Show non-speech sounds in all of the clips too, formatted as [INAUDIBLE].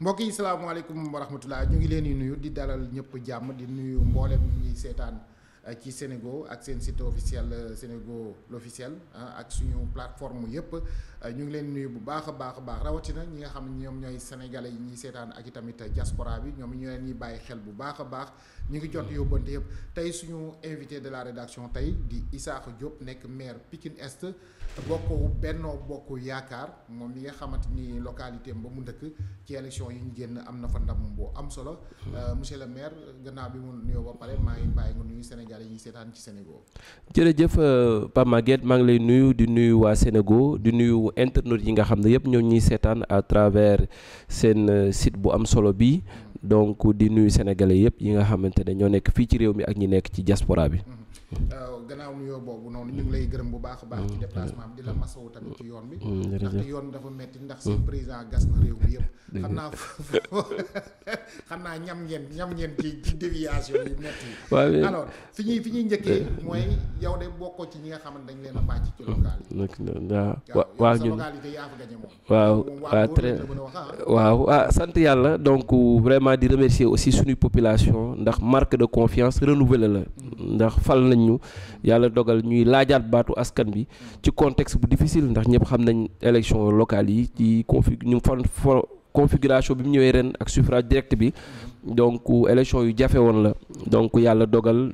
mbokk yi salaamaaleykum wa rahmatulah ñu ngi leen di nuyu di dalal ñëpp jàmm di nuyu mboolem ñuy seetaan eh, ci Sénégo ak seen site officiel eh, Sénégo l'officiel ah, ak suñu plateforme yëpp eh, ñu ngi leen nuyu bu baax a baax a baax rawatina ñi nga xam ñoom ñooy sénégalais yi ñu seetaan ak i tamit diaspora bi ñoom ñu leen ñi bàyyi xel bu baax a baax. ñu ngi jot yóbbante yëpp tey suñu invité de la rédaction tey di Issakha Diop nekk maire Pikine Est bokk Benno Bokk Yaakaar moom mi nga xamante ni localité am ba mu dëkk ci élection yi ñu génn am na fa ndam boo am solo. Euh, monsieur le maire gannaaw bi mu nuyoo ba pare maa ngi bàyyi nga nuyu Sénégal yi ñuy seetaan ci Sénégal. jërëjëf euh, Pape Maguette maa ngi lay nuyu di nuyu waa Sénégal di nuyu internautes yi nga xam ne yëpp ñoo ñuy seetaan à travers seen euh, site bu am solo bi donc di nuyu sénégalais yëpp yi nga xamante ne ñoo nekk fii ci réew mi ak ñi nekk ci diaspora bi. Mm-hmm. Uh, gannaaw nuyoo boobu noonu ñu ngi lay gërëm bu baax a baax ci mm, déplacement bi di la mm, masawu tamit ci yoon bi mm, yoon dafa metti ndax seen président gas na réew mi yëpp xam [LAUGHS] xam naa ñam ngeen ñam ngeen ci ci déviation yu metti yi fi ñuy fi euh, yow de bokkoo ci ñi nga xamante dañ leen a bàcc ci local yi waaw waaw ñun waaw waaw très ah. waaw ah sant yàlla donc vraiment di remercier aussi suñu population ndax marque de confiance renouvelée la ndax fal nañ yàlla dogal ñuy laajaat baatu askan bi ci contexte bu difficile ndax ñëpp xam nañ élection locale yi ci config ñu fan configuration bi mu ñëwee ren ak suffrage direct bi donc élection yu jafe woon la donc yàlla dogal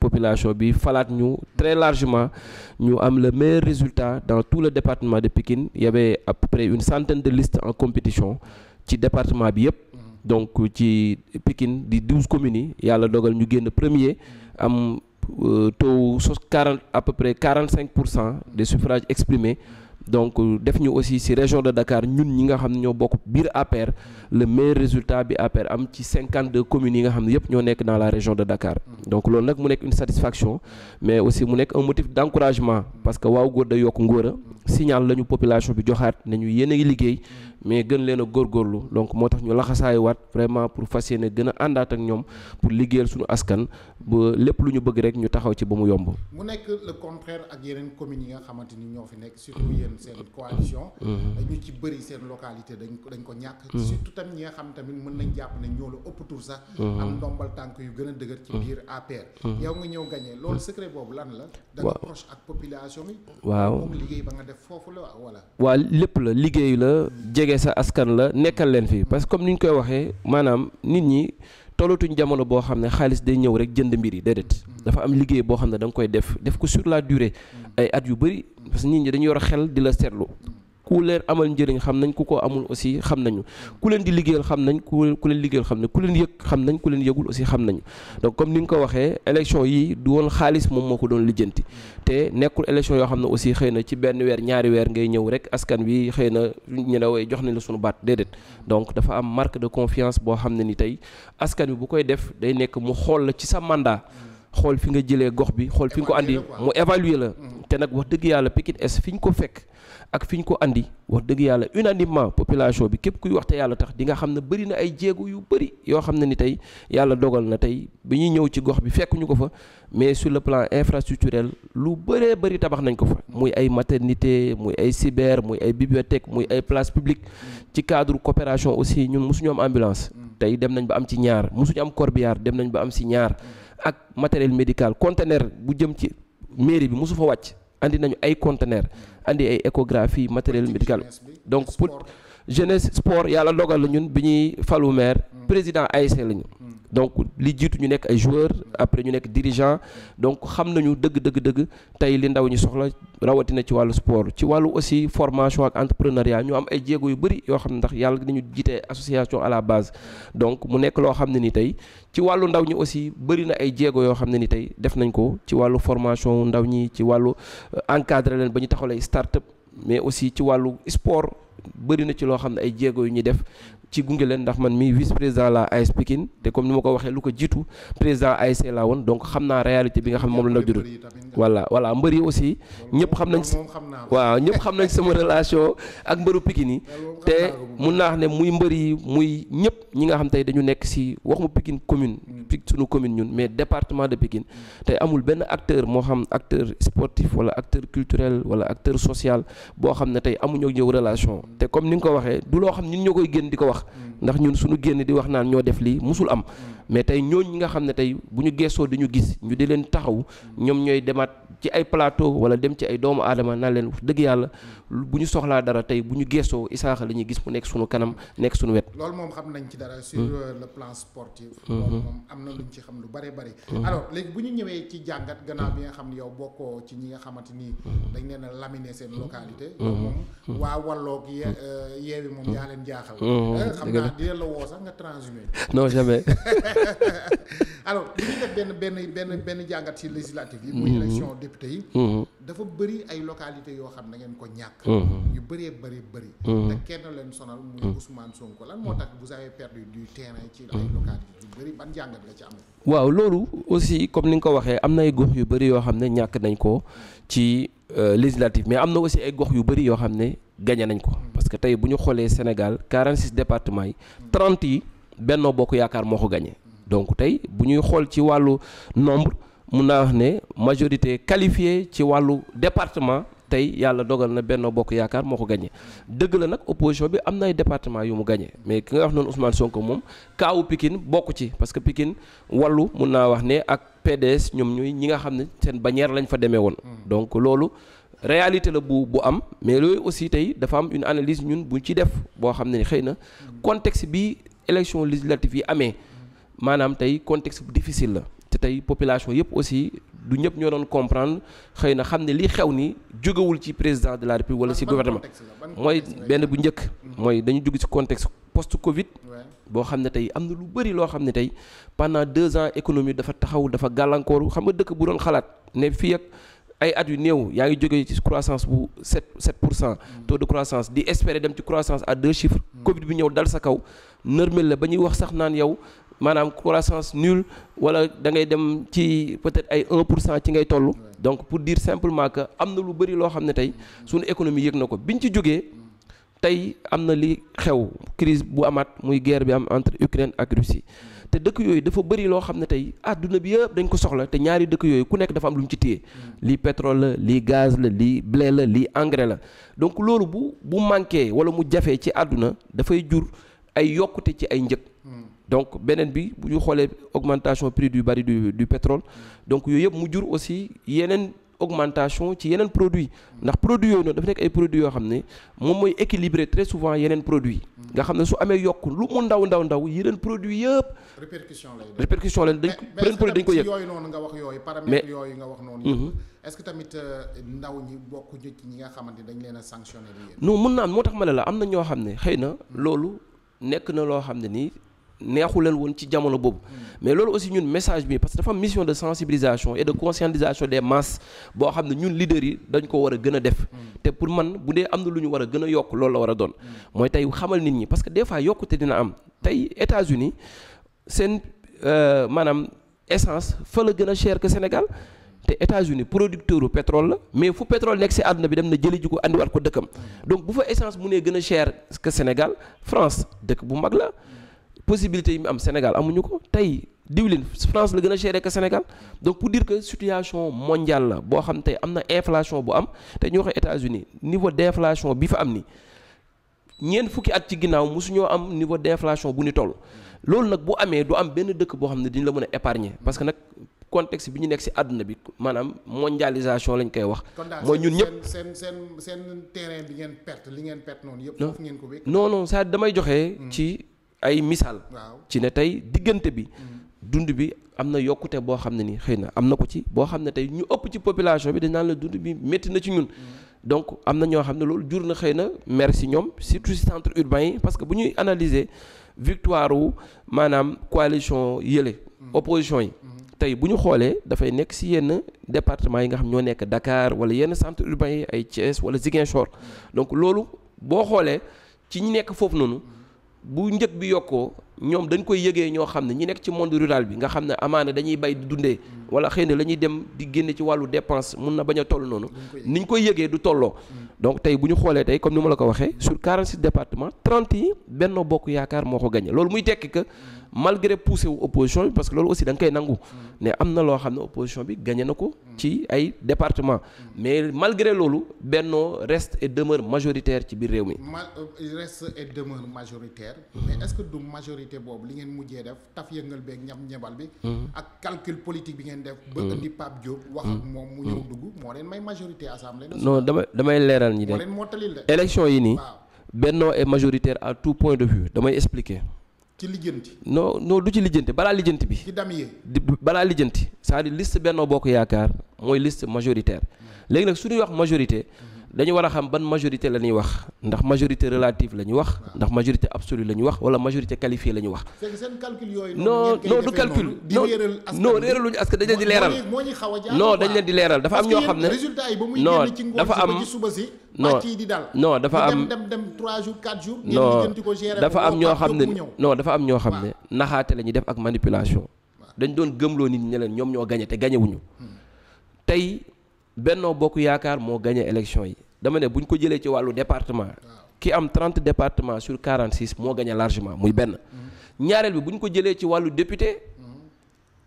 population bi falaat ñu très largement ñu am le meilleur résultat dans tout le département de Pikine y avait à peu près une centaine de listes en compétition ci département bi yëpp mm. donc ci Pikine di douze communes yi yàlla dogal ñu génn premier Euh, taux sos quarante à peu près quarante cinq pour cent des suffrages exprimés donc def ñu aussi ci région de Dakar ñun ñi nga xam ne ñoo bokk biir APR le meilleur résultat bi APR am ci cinquante deux communes yi nga xam ne yëpp ñoo nekk dans la région de Dakar donc loolu nag mu nekk une satisfaction mais aussi mu nekk un motif d' parce que waaw góor da yokk ngóora signal la ñu population bi joxaat nañu yéen a ngi liggéey mais gën leen góor góorgóorlu donc moo tax ñu laxasaayuwaat vraiment pour fas yéene gën àndaat ak ñoom pour liggéeyal suñu askan ba lépp lu ñu bëgg rek ñu taxaw ci ba mu yomb. mu nekk le contraire ak yeneen commune yi nga xamante ni ñoo fi nekk surtout seen mm-hmm. coalition. Mm-hmm. ci bëri seen localité dañ ko dañ ko ñàkk. Mm-hmm. surtout tam xam tamit mën nañ jàpp ne ñoo la ëpp tur sax. am ndombal tànk yu gën a dëgër ci biir APR. yow nga ñëw gagné loolu secret boobu lan la. da nga proche ak population bi. waaw ba nga def foofu la wala. waaw lépp la liggéey la jege jege sa askan la nekkal leen fii parce que comme ni ñu koy waxee maanaam nit ñi tollatuñ jamono boo xam ne xaalis day ñëw rek jënd mbir yi déedéet dafa am liggéey boo xam ne da nga koy def def ko sur la durée mm. ay at yu bëri parce que nit ñi dañu a xel di la seetlu ku leen amal njëriñ xam nañ ku ko amul aussi xam nañu ku leen di liggéeyal xam nañ ku ku leen liggéeyal xam nañ ku leen yëg xam nañ ku leen yëgul aussi xam nañu donc comme ni nga ko waxee élection yi du woon xaalis moom moo ko doon lijjanti te nekkul élection yoo xam ne aussi xëy na ci benn weer ñaari weer ngay ñëw rek askan wi xëy na ñu ne way jox na la suñu baat déedéet donc dafa am marque de confiance boo xam ne ni tey askan wi bu koy def day nekk mu xool la ci sa xool fi nga jëlee gox bi xool fi nga ko andi mu évaluer la mm. nag wax dëgg yàlla Pikine Est fi ñu ko fekk ak fi ñu ko indi wax dëgg yàlla unanimement population bi képp kuy wax te yàlla tax dinga xam ne bëri na ay jéego yu bëri yoo xam ne ni tey yàlla dogal na tey bi ñuy ñëw ci gox bi fekk ñu ko fa mais sur le plan infrastructurel lu baree bari tabax nañ ko fa muy ay maternité muy ay cyber muy ay bibliothèque muy ay place publique ci cadre coopération aussi ñun mosuñu am ambulance tey dem nañ ba am ci ñaar mosuñu am corbillard dem nañ ba am si ñaar ak matériel médical conteneur bu jëm ci mairie bi mosu wàcc andi nañu ay conteneur andi ay échographie matériel médical donc pour jeunesse sport yàlla dogal la ñun bi ñuy falu maire mm. président ASC la ñu mm. donc li jiitu ñu nekk ay joueurs mm. après ñu nekk dirigent donc xam nañu dëgg dëgg dëgg tey li ndaw ñi soxla rawatina ci wàllu sport ci wàllu aussi formation ak entrepreneuriat ñu am ay jéego yu bëri yoo xam ne ndax yàlla dañu jiitee association à la base donc mu nekk loo xam ne ni tey ci wàllu ndaw ñi aussi bëri na ay jéego yoo xam ne ni tey def nañ ko ci wàllu formation ndaw ñi ci wàllu euh, encadré leen ba ñu taxalee start mais aussi ci wàllu sport bëri na ci loo xam ne ay jéego yu ñuy def ci gunge leen ndax man mii vice président la AS Pikine te comme ni ma ko waxee lu ko jiitu président ASC la woon donc xam naa réalité bi nga xam ne moom la ñu judd. voilà voilà mbër yi aussi. ñëpp xam nañ si waaw ñëpp xam nañ sama relation ak mbëru Pikine yi te mun naa xam ne muy mbër yi muy ñëpp ñi nga xam tey dañu nekk si waxuma Pikine commune. Pikine sunu commune ñun mais département de Pikine te amul benn acteur moo xam acteur sportif wala acteur culturel wala acteur social boo xam ne tey amuñu ñëw relation. information te comme ni nga ko waxee du loo xam ñun ñoo koy génn di ko wax mm. ndax ñun suñu génn di wax naan ñoo def lii musul am mm. mais tey ñooñ ñi nga xam ne tey bu ñu geesoo di ñu gis ñu di leen taxaw mm. ñoom ñooy demaat ci ay plateau wala dem ci ay doomu aadama naa leen dëgg yàlla bu ñu soxlaa dara tey bu ñu geesoo Isaaxa la ñuy gis mu nekk suñu kanam nekk suñu wet. loolu moom xam nañ ci dara. sur hmm. euh, le plan sportif. Hmm. moom am na luñ ci xam lu bari bari. Hmm. alors bu ñu ñëwee ci jàngat gannaaw bi nga xam yow bokkoo ci ñi nga xamante ni dañ leen a laminer seen localité. moom waa walloog euh, yeewi moom yaa leen jaaxal. Euh, xam naa dina la woo sax nga transhumé. [LAUGHS] [LAUGHS] benn benn benn benn jàngat ci législative yi. muy élection député yi. dafa bëri ay localité yoo xam na ngeen ko ñàkk mm-hmm. yu bëree bëri bëri mm-hmm. te kenn leen sonal muy mm-hmm. Ousmane Sonko lan moo tax vous avez perdu du terrain ci ay localité jàngat nga ci am waaw loolu aussi comme ni nga ko waxee am na ay gox yu bëri yoo xam ne ñàkk nañ ko ci euh, législative mais am na aussi ay gox yu bëri yoo xam ne gagné nañ ko parce que tey bu ñu xoolee Sénégal 46 départements yi 30 yi Benno Bokk Yaakaar moo ko gagné donc tey bu ñuy xool ci wàllu nombre mun naa wax ne majorité qualifiée ci wàllu département tey yàlla dogal na Benno Bokk Yaakaar moo ko gagné dëgg la nag opposition bi am na ay département yu mu gagné mais ki nga wax noonu Ousmane ko moom kaawu Pikine bokk ci parce que Pikine wàllu mun naa wax ne ak PDS ñoom ñuy ñi nga xam ne seen bannière lañu fa demee woon. Hmm. donc loolu réalité la bu bu am mais loolu aussi tey dafa am une analyse ñun bu ci def boo xam ne xëy na hmm. contexte bi élection législative yi amee hmm. maanaam tey contexte difficile la. te tey population yëpp aussi du ñëpp ñoo doon comprendre xëy na xam ne li xew ni jógewul ci président de la république wala si gouvernement mooy benn bu njëkk mooy dañu jóg si contexte post covid boo xam ne tey am na lu bëri loo xam ne tey pendant deux ans économie dafa taxaw dafa gàllankooru xam nga dëkk bu doon xalaat ne fii ak ay at yu néew yaa ngi jógee ci croissance bu 7 7 pour cent mm. taux de croissance di espérer dem ci croissance à deux chiffres mm. covid bi ñëw dal sa kaw nërmel la ba ñuy wax sax naan yow maanaam croissance nulle wala da ngay dem ci peut-être ay 1 pour cent ci ngay toll. donc pour dire simplement que am na lu bëri loo xam ne tey suñu économie yëg na ko biñ ci jógee tey am na li xew crise bu amaat muy guerre bi am entre Ukraine ak Russie te dëkk yooyu dafa bëri loo xam ne tey àdduna bi yëpp dañ ko soxla te ñaari dëkk yooyu ku nekk dafa am lu mu ci téye lii pétrole la lii gaz la lii blé la lii engrais la donc loolu bu bu manqué wala mu jafee ci àdduna dafay jur ay yokkute ci ay njëg hmm. donc beneen bi bu ñu xoolee augmentation prix du baril du du pétrole donc yooyu yëpp mu jur aussi yeneen augmentation ci yeneen produit ndax produit yooyu noonu dafa nekk ay produits yoo xam ne moom mooy équilibré très souvent yeneen produit nga xam ne su amee yokk lu mu ndaw ndaw ndaw yeneen produit yëpp. répercussion lay def répercussion lay dañ ko beneen produit dañ ko yëg yooyu noonu nga wax yooyu paramètres yooyu nga wax noonu. Mhm. est-ce que tamit euh, ndaw ñi bokk ci ñi nga xamante ne dañ leen a sanctionné. non mun naa moo tax ma ne la am na ñoo xam ne xëy na loolu nekk na loo xam ne nii. neexu woon ci jamono boobu mm. mais loolu aussi ñun message bi parce que dafa mission de sensibilisation et de conscientisation des masses boo xam ne ñun leaders yi dañ ko war a gën a def mm. te pour man bu dee am na lu ñu war a gën a yokk loolu la war a doon mm. mooy tey xamal nit ñi parce que des fois yokkute dina am tey États-Unis seen euh, maanaam essence fa la gën a cher que Sénégal te États-Unis producteur u pétrole la mais fu pétrole nekk si àdduna bi dem na jëli ji ko andiwaat ko dëkkam donc bu fa essence mu gën a cher que Sénégal France dëkk bu mag la possibilité yi mu am Sénégal amuñu ko tey diwlin France la gën a cher que Sénégal donc pour dire que situation mondial la boo xam tey am na inflation bu am te ñu waxee États-Unis niveau d'inflation bi fa am ni ñeent fukki at ci ginnaaw mosuñoo am niveau d'inflation bu ni toll loolu nag bu amee du am benn dëkk boo xam ne diñu la mën a épargner parce que nag contexte bi ñu nekk ci àdduna bi maanaam mondialisation lañ koy wax. mooy ñun ñëpp seen seen seen terrain bi ngeen perte li ngeen perte noonu yëpp. foofu ngeen ko wékk non non damay joxee hmm. ci. ay misaal. ci ne tey diggante bi. Mm-hmm. dund bi am na yokkute boo xam ne ni xëy na am na ko ci boo xam ne tey ñu ëpp ci population bi dañ naan la dund bi métti na ci ñun. Mm-hmm. donc am na ñoo xam ne loolu jur na xëy na merci ñoom surtout si centre urbain yi parce que bu ñuy analyser victoire wu maanaam coalition yële. Mm-hmm. opposition yi. tey bu ñu xoolee dafay nekk si yenn département yi nga xam ñoo nekk dakaar wala yenn centre urbain yi ay Thiès wala Ziguinchor donc loolu boo xoolee ci nekk foofu noonu. bu njëg bi yokkoo ñoom dañ koy yëgee ñoo xam ne ñi nekk ci monde rural bi nga xam ne amaana dañuy bay di dundee wala xëy na la ñuy dem di génne ci wàllu dépense mun na bañ a toll noonu ni koy yëgee du tolloo mm. donc tey bu ñu xoolee tey comme ni ma la ko waxee sur 46 départements 30 yi Benno Bokk Yaakaar moo ko gagné loolu muy tekki que malgré poussé wu opposition bi parce que loolu aussi da nga koy nangu mm. ne am na loo xam ne opposition bi gagné na ko mm. ci ay département mais malgré loolu Benno reste et majoritaire ci biir réew mi euh, reste et demeure majoritaire mais majorité boobu li ngeen mujjee def taf yëngal beeg ñam ñebal bi mhm. ak calcul politique bi ngeen def ba mhm. indi Pape Diop wax ak mhm. moom mu ñëw dugg moo leen may majorité assemblée non damay damay leeral ñi de moo leen mottalil de élection yi nii Benno est majoritaire à tout point de vue damay expliquer ci lijjanti non non du ci lijjanti balaa lijjanti bi ci damier balaa lijjanti c'est-à-dire liste Benno Bokk Yaakaar mooy list majoritaire léegi nag su ñuy wax majorité mm. dañu war a xam ban majorité la ñuy wax ndax majorité relative la ñu wax ndax majorité absolue la wax wala majorité qualifiée la ñu wax. c'est que seen calcul yooyu. non non du calcul non non réeraluñu askan dañ leen di leeral. non dañ di leeral dafa am ñoo xam ne. résultat yi ba muy génn ci ngoon si ba ci suba si. dafa am dem dem 3 jours jours. ngeen di ko dafa am ñoo xam ne non dafa am ñoo xam ne. naxaate la ñuy def ak manipulation. dañ doon gëmloo nit ñi leen ñoom ñoo gañe te gañewuñu hmm. tey Benno Bokk Yaakaar moo gagné élection yi dama ne bu ñu ko jëlee ci wàllu département ki am 30 département sur 46 moo gagné largement muy benn ñaareel bi bu ko jëlee ci wàllu député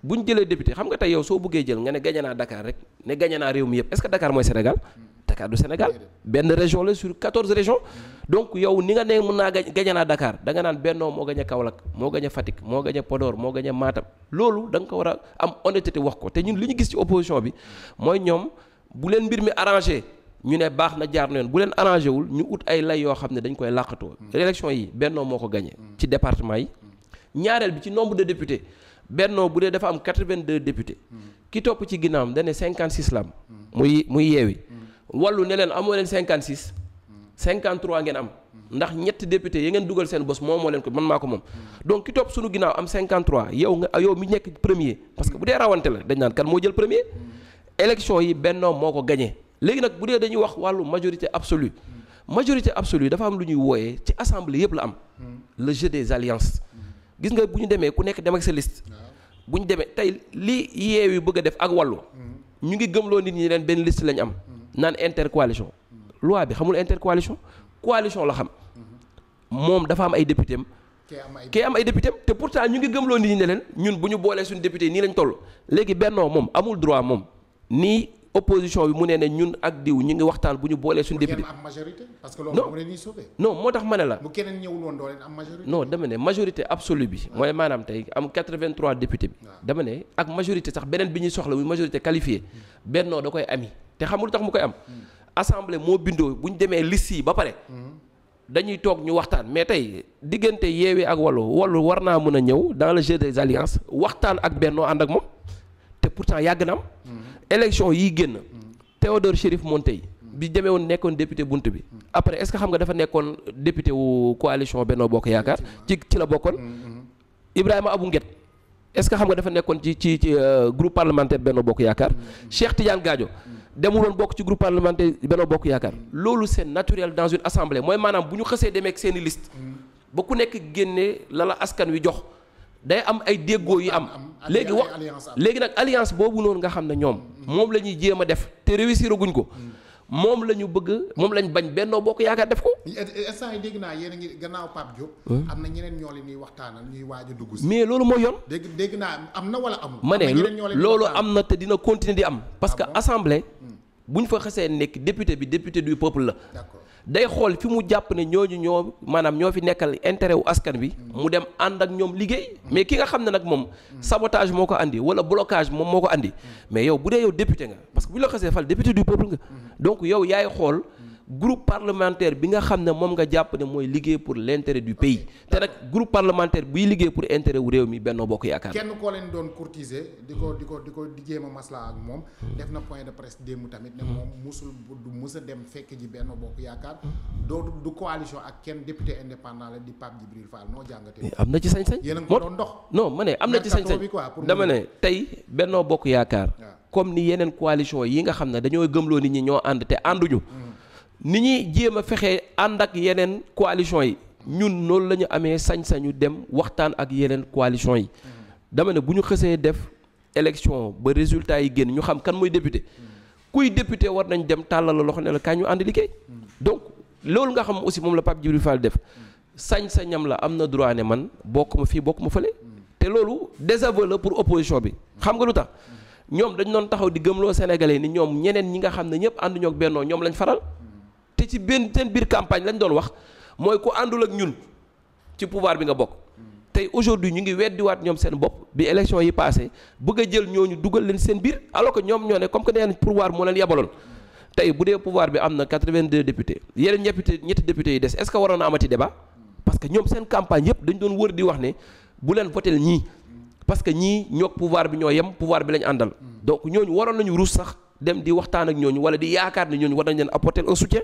bu ñu jëlee député xam nga tey yow soo buggee jël nga ne gagné naa dakaar rek ne gagné naa réew mi yëpp est-ce que Dakar mooy Sénégal Dakar du Sénégal benn région la sur 14 régions donc yow ni nga ne mën naa gagné naa dakaar da nga naan Benno moo gagné Kaolack moo gagné Fatick moo gagné Podor moo gagné Matam loolu da nga ko war a am honnêteté wax ko te ñun li ñu gis ci opposition bi mooy ñoom. bu leen mbir mi arrangé ñu ne baax na jaar na yoon bu leen arrangé wul ñu ut ay lay yoo xam ne dañ koy làqatoo mm. élection yi bennoo moo ko gagné mm. ci département yi mm. ñaareel bi ci nombre de député bennoo bu dee dafa am 82 députés ki topp ci ginnaawam dane 56 la am muy muy yeewi wallu ne leen amoo leen 56 53 ngeen am ndax ñetti député yi ngeen dugal seen bos moom moo leen ko man maa ko moom donc ki topp yow nga yow mi nekk premier parce que bu dee rawante la dañ naan kan moo jël premier élection yi bennoo moo ko gañee léegi nag bu dee dañuy wax wàllu majorité absolue majorité absolue dafa am lu ñuy wooyee ci assemblée yëpp la am. le jeu des alliances. gis nga bu ñu demee ku nekk dem ak sa liste. bu ñu demee tey li yeewi bëgg a def ak wàllu. ñu ngi gëmloo nit ñi leen benn liste lañ am. naan intercoalition. loi bi xamul intercoalition. coalition la xam. moom dafa am ay député am. kee am ay député te pourtant ñu ngi gëmloo nit ñi ne leen ñun bu ñu boolee suñu député nii lañ toll. léegi bennoo moom amul droit moom. nii opposition bi mu nee ne ñun ak diw ñu ngi waxtaan bu ñu boolee suñu député am majorité parce que loolu moo leen sauvé moo tax ma ne la bu keneen ñëwul woon doo leen am majorité non dama ne majorité absolue bi ah. mooy maanaam tey am 83 député bi ah. dama ne ak majorité sax beneen bi ñuy soxla muy majorité qualifiée hmm. bennoo da koy ami te xamul tax mu koy am hmm. assemblée moo bindoo bu ñu demee liste yi ba pare hmm. dañuy toog ñu waxtaan mais tey diggante yeewee ak wallu wallu war naa mën a ñëw dans le jeu des alliances waxtaan ak bennoo ànd ak moom te pourtant yàgg na am élection yi génn Théodore Chérif Monteil bi demee woon nekkoon député bunt bi après est-ce que xam nga dafa nekkoon député wu coalition Benno Bokk Yaakaar ci ci la bokkoon Ibrahima Abou Nguet est-ce que xam nga dafa nekkoon ci ci ci euh, groupe parlementaire Benno Bokk Yaakaar Cheikh Tidiane Gadio demuloon bokk ci groupe parlementaire Benno Bokk Yaakaar loolu c'est naturel dans une assemblée mooy maanaam bu ñu xësee demee ak seeni liste ba ku nekk génnee la la askan wi jox day am ay déggoo yu am léegi wax léegi nag alliance boobu noonu nga xam ne ñoom mm. moom la ñuy jéem a def te réussir guñ ko mm. moom la ñu bëgg moom lañ bañ Benno Bokk Yaakaar def ko. instant yi naa yéen a gannaaw Pape Diop. am na ñeneen ñoo leen ñuy waxtaanal ñuy waaj a dugg mais loolu mooy yoon. dégg dégg naa am na wala amul. ma ne loolu am na te dina continuer di am. parce ah que assemblée. Mm. bu ñu fa xasee nekk député bi député du peuple la. d'accord. day xool fi mu jàpp ne ñooñu ñoo maanaam ñoo fi nekkal intérêt wu askan bi mu dem ànd ak ñoom liggéey mais ki nga xam ne nag moom sabotage moo ko andi wala blocage moom moo ko indi mais yow bu dee yow député nga parce que bu ñu la xasee fal député du peuple nga donc yow yaay xool groupe parlementaire bi nga xam ne moom nga jàpp ne mooy liggéey pour l'intérêt du pays te nag groupe parlementaire buy liggéey pour intérêt wu réew mi Benno Bokk Yaakaar. kenn koo leen doon courtiser di ko di ko di ko di a maslaa ak moom hmm. def na point de presse démb tamit ne hmm. moom musul dem fekk ji Benno Bokk Yaakaar doo du coalition ak kenn député indépendant la di Pape Djibril Fall noo jàngatee. am na ci sañ-sañ. yéen a dox non ma ne am na ci sañ-sañ dama ne tey Benno Bokk Yaakaar ah. comme ni yeneen coalition yi nga xam ne dañoo gëmloo nit ñi ñoo ànd te ànduñu hmm. ni ñuy jéem a fexe ànd ak yeneen coalition yi ñun noonu la ñu amee sañ-sañu dem waxtaan ak yeneen coalition yi dama ne bu ñu xësee def élection ba résultat yi génn ñu xam kan mooy député kuy député war nañ dem tàllala la loxo ne la kaay ñu ànd liggéey donc loolu nga xam aussi moom la Pape Djibril Fall def sañ-sañam la am na droit ne man bokk ma fii bokk ma fële te loolu désaveu la pour opposition bi xam nga lu tax ñoom dañ doon taxaw di gëmloo Sénégalais ni ñoom ñeneen ñi nga xam ne ñëpp ànduñoo Benno ñoom lañ faral te ci benn seen biir campagne lañ doon wax mooy ku àndul ak ñun ci pouvoir bi nga bokk. tey aujourd'hui ñu ngi weddiwaat ñoom seen bopp bi élection yi passé bëgg a jël ñooñu dugal leen seen biir alors que ñoom ñoo ne comme que nee nañ pouvoir moo leen yabaloon tey bu dee pouvoir bi am na 82 députés yeneen ñetti ñetti yi des est-ce que waroon na amati débat parce que ñoom seen campagne yëpp dañ doon wër di wax ne bu leen votel ñii parce que ñii ñoog pouvoir bi ñoo yem pouvoir bi lañ àndal donc dem di waxtaan ak ñooñu wala di yaakaar ne ñooñu war nañ leen apporter un soutien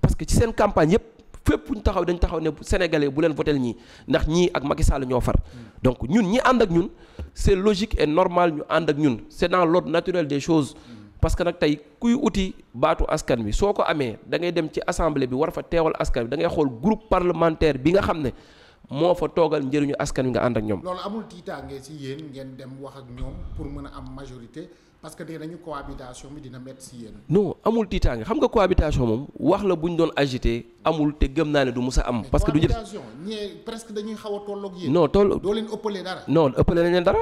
parce que ci seen campagne yëpp fépp ñu taxaw dañ taxaw ne sénégalais bu leen votel ñii ndax ñii ak Macky Sall ñoo far donc ñun ñi ànd ak ñun c'est logique et normal ñu ànd ak ñun c'est dans l'ordre naturel des choses parce que nag tey kuy uti baatu askan wi soo ko amee da ngay dem ci assemblée bi war fa teewal askan bi da ngay xool groupe parlementaire bi nga xam ne moo fa toogal njëriñu askan wi nga ànd ak ñoom. loolu amul tiitaange ci yéen ngeen dem wax ak ñoom pour mën a am majorité parce que dee nañu cohabitation bi dina métti si yéen. non amul tiitaange xam nga cohabitation moom wax la bu ñu doon agité amul te gëm naa ne du mus a am. parce que du ñu ñee presque dañuy xaw a toll ak yéen. non doo leen ëppale dara. non ëppale nañ leen dara.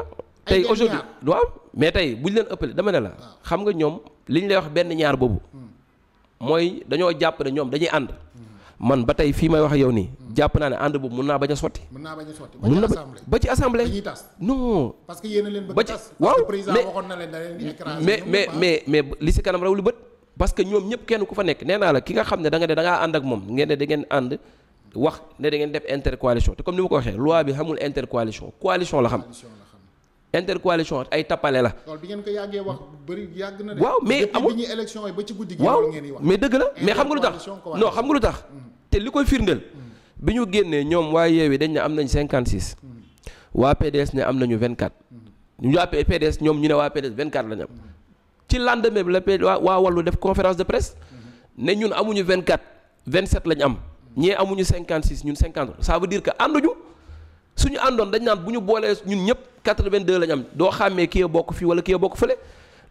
tey aujourd'hui du am mais tey bu ñu leen ëppale dama ne la. Ah. xam nga ñoom li ñu lay wax benn ñaar boobu. Hmm. mooy dañoo jàpp ne ñoom dañuy ànd. Hmm. man ba tey fii may wax yow nii. jàpp naa ne ànd boobu mun naa bañ a sotti. mun naa bañ a sotti ba ci assemblée dañuy na leen da ah. leen ñëpp kenn ku fa nekk nee naa la ki nga xam ne da nga ne da ngaa ànd ak moom ngeen ba ci waaw mais dëgg la mais xam nga lu tax non xam nga lu tax. te li koy firndeel bi ñu génnee ñoom waa yi dañ ne am nañ 56 waa PDS ne am nañu 24 ñu waa PDS ñoom ñu ne waa PDS 24 lañ am ci lendemain bi la P waa wàllu def conférence de ne ñun amuñu 24 27 lañ am ñee amuñu 56 ñun 50 ça veut que ànduñu suñu àndoon dañ naan bu ñu boolee ñun ñëpp 82 lañ am doo xàmmee kii bokk fii wala kii bokk fële.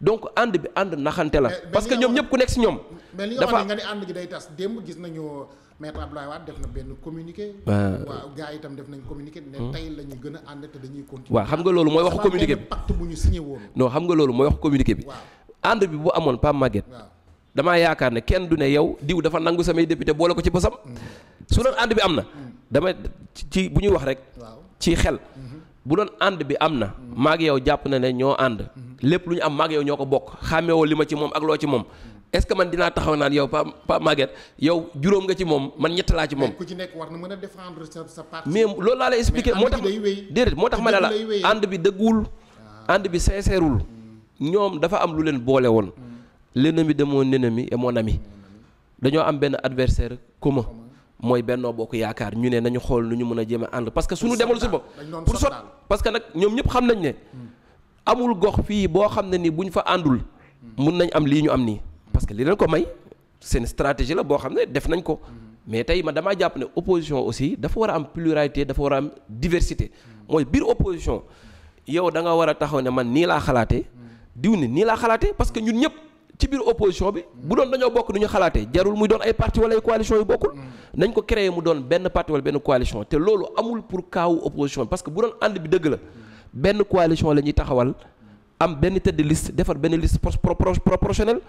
donc ànd bi ànd naxante la. parce que ñoom ñëpp ku nekk si ñoom. dafa mais li nga xam ne nga gis nañu maître Abdoulaye Wade def na benn communiqué. waaw gars yi itam nañ communiqué. ne hmm? tey la ñu gën a ànd te dañuy continuer. waaw xam nga loolu mooy waxu communiqué bi pacte woon. non xam nga loolu mooy waxu communiqué bi. ànd bi bu amoon Pape Maguette. damaa yaakaar ne kenn du ne yow diw dafa nangu samay député boole ko ci bosam. Hmm. su doon ànd bi am na. Hmm. dama ci bu ñuy wax rek. ci xel. bu doon ànd bi am na maag yow jàpp na ne ñoo ànd lépp lu ñu am maag yow ñoo ko bokk xàmmewoo li ma ci moom ak loo ci moom est-ce que man dinaa taxaw naan yow Pa Pa Maguette yow juróom nga ci moom man ñett laa ci moom. ku ci nekk war na mën a défendre sa sa parti. mais loolu laa lay expliquer moo tax déedéet moo tax ma ne la ànd bi dëgguwul ànd bi ah. sincèreul ñoom dafa am lu leen boole woon hmm. l'ennemi de mon ennemi et mon ami dañoo am benn adversaire commun mooy bennoo bokk yaakaar ñu ne nañu xool nu ñu mën a jéem a ànd parce que suñu demal su bopp pour sot parce que nag ñoom ñëpp xam nañ ne hmm. amul gox fii boo xam ne ni buñ fa àndul hmm. mun nañ am lii ñu am nii parce que li leen ko may seen stratégie la boo xam ne def nañ ko. mais tey man damaa jàpp ne opposition aussi dafa war a am pluralité dafa war a am diversité. mooy biir opposition yow da nga war a taxaw ne man nii laa xalaatee. diw ni nii laa xalaatee parce que ñun ñëpp ci biir opposition bi. bu doon dañoo bokk du ñu xalaatee jarul muy doon ay parti wala ay coalition yu bokkul. nañ ko créer mu doon benn parti benn coalition te loolu amul pour kaawu opposition parce que bu doon ànd bi dëgg la benn coalition la ñuy taxawal. am benn tête de liste defar benn liste proportionnelle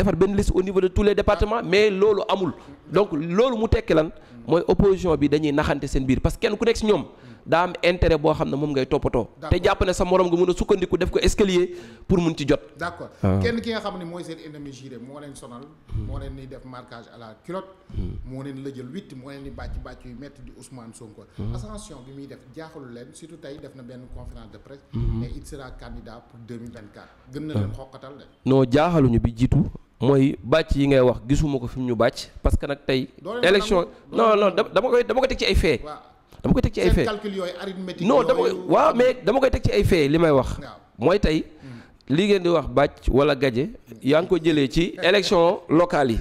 defar benn liste au niveau de tous les départements mais loolu amul donc loolu mu tekki lan mooy opposition bi dañuy naxante seen biir parce que kenn ku nekk si ñoom daa am intérêt boo xam ne moom ngay toppatoo te jàpp ne sa morom nga mun a sukkandiku def ko escalier pour mun ci jot d'accord ah. kenn ki nga xam ne mooy seen ennemi juré moo leen sonal moo leen ni def marquage à la culotte hmm. moo leen lëjal huit moo leen ni bàcc bàcc yu métti di Ousmane Sonko hmm. ascension bi muy def jaaxalu leen surtout tey def na benn conférence de presse mais hmm. il sera candidat pour 2024 gën na leen ah. xoqatal de non jaaxaluñu bi jiitu mooy bàcc yi ngay wax gisuma ko fi mu ñu bàcc parce que nag tey. élection non non dama koy dama koy teg ci ay fait. dama koy teg ci ay fait calcul yooyu arithmétique non dama koy waaw mais dama koy teg ci ay fait li may wax. mooy tey hmm. li ngeen di wax bàcc wala gaje yaa ngi ko jëlee ci [LAUGHS] élection locale yi.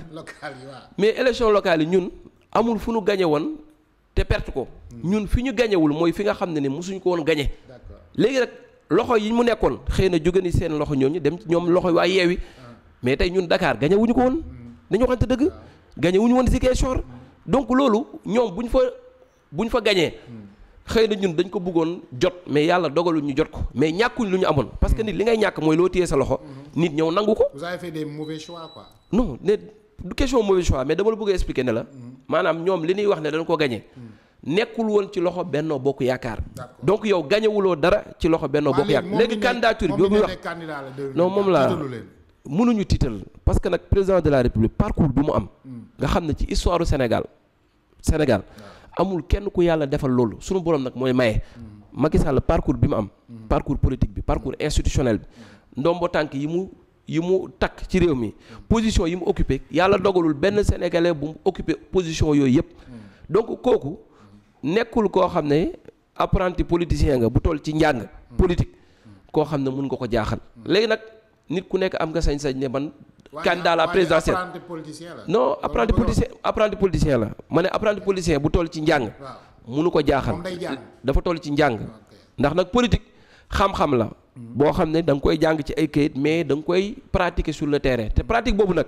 mais élection locale yi ñun amul fu ñu gañe woon te perte ko. Hmm. ñun fi ñu gañewul mooy fi nga xam ne ni mosuñu ko woon gañe. léegi rek loxo yi mu nekkoon xëy na jóge ni seen loxo ñooñu dem ci ñoom loxo waa yeewi. Ah. mais tey ñun Dakar gañe ko woon dañu waxante dëgg gañe wuñu woon Ziguinchor donc loolu ñoom bu ñu fa bu ñu fa gañee xëy na ñun dañ ko buggoon jot mais yàlla dogaluñ ñu jot ko mais ñàkkuñ lu ñu amoon parce que nit li ngay ñàkk mooy loo téye sa loxo nit ñëw nangu ko. vous avez fait ne du question mauvais choix mais dama la bëgg a expliquer ne la maanaam ñoom li ñuy wax ne dañ ko gañee nekkul woon ci loxo Benno Bokk Yaakaar donc yow gañewuloo dara ci loxo Benno Bokk Yaakaar léegi candidature bi muy wax non moom la mënuñu tiital parce que nag président de la république parcours bi mu am. nga xam ne ci histoire du Sénégal Sénégal amul kenn ku yàlla defal loolu sunu borom nag mooy maye. Mm. Macky Sall parcours bi mu am. Mm. parcours politique bi parcours mm. institutionnel bi ndombo tànk yi mu. yi mu takk ci réew mi position yi mu occupé yàlla dogalul benn sénégalais bu mu occupé position yooyu yëpp donc kooku nekkul koo xam ne apprenti politicien nga bu toll ci njàng politique koo xam ne mun nga ko jaaxal nit ku nekk am nga sañ-sañ ne man. candidat la présidentielle apprenti politicien la. non apprenti politicien apprenti politicien la ma ne apprenti politicien bu toll ci njàng. munu ko jaaxal dafa toll ci njàng. ndax nag politique xam-xam la. Mm-hmm. boo xam ne da nga koy jàng ci ay kayit mais da nga koy pratiquer sur le terrain te pratique boobu nag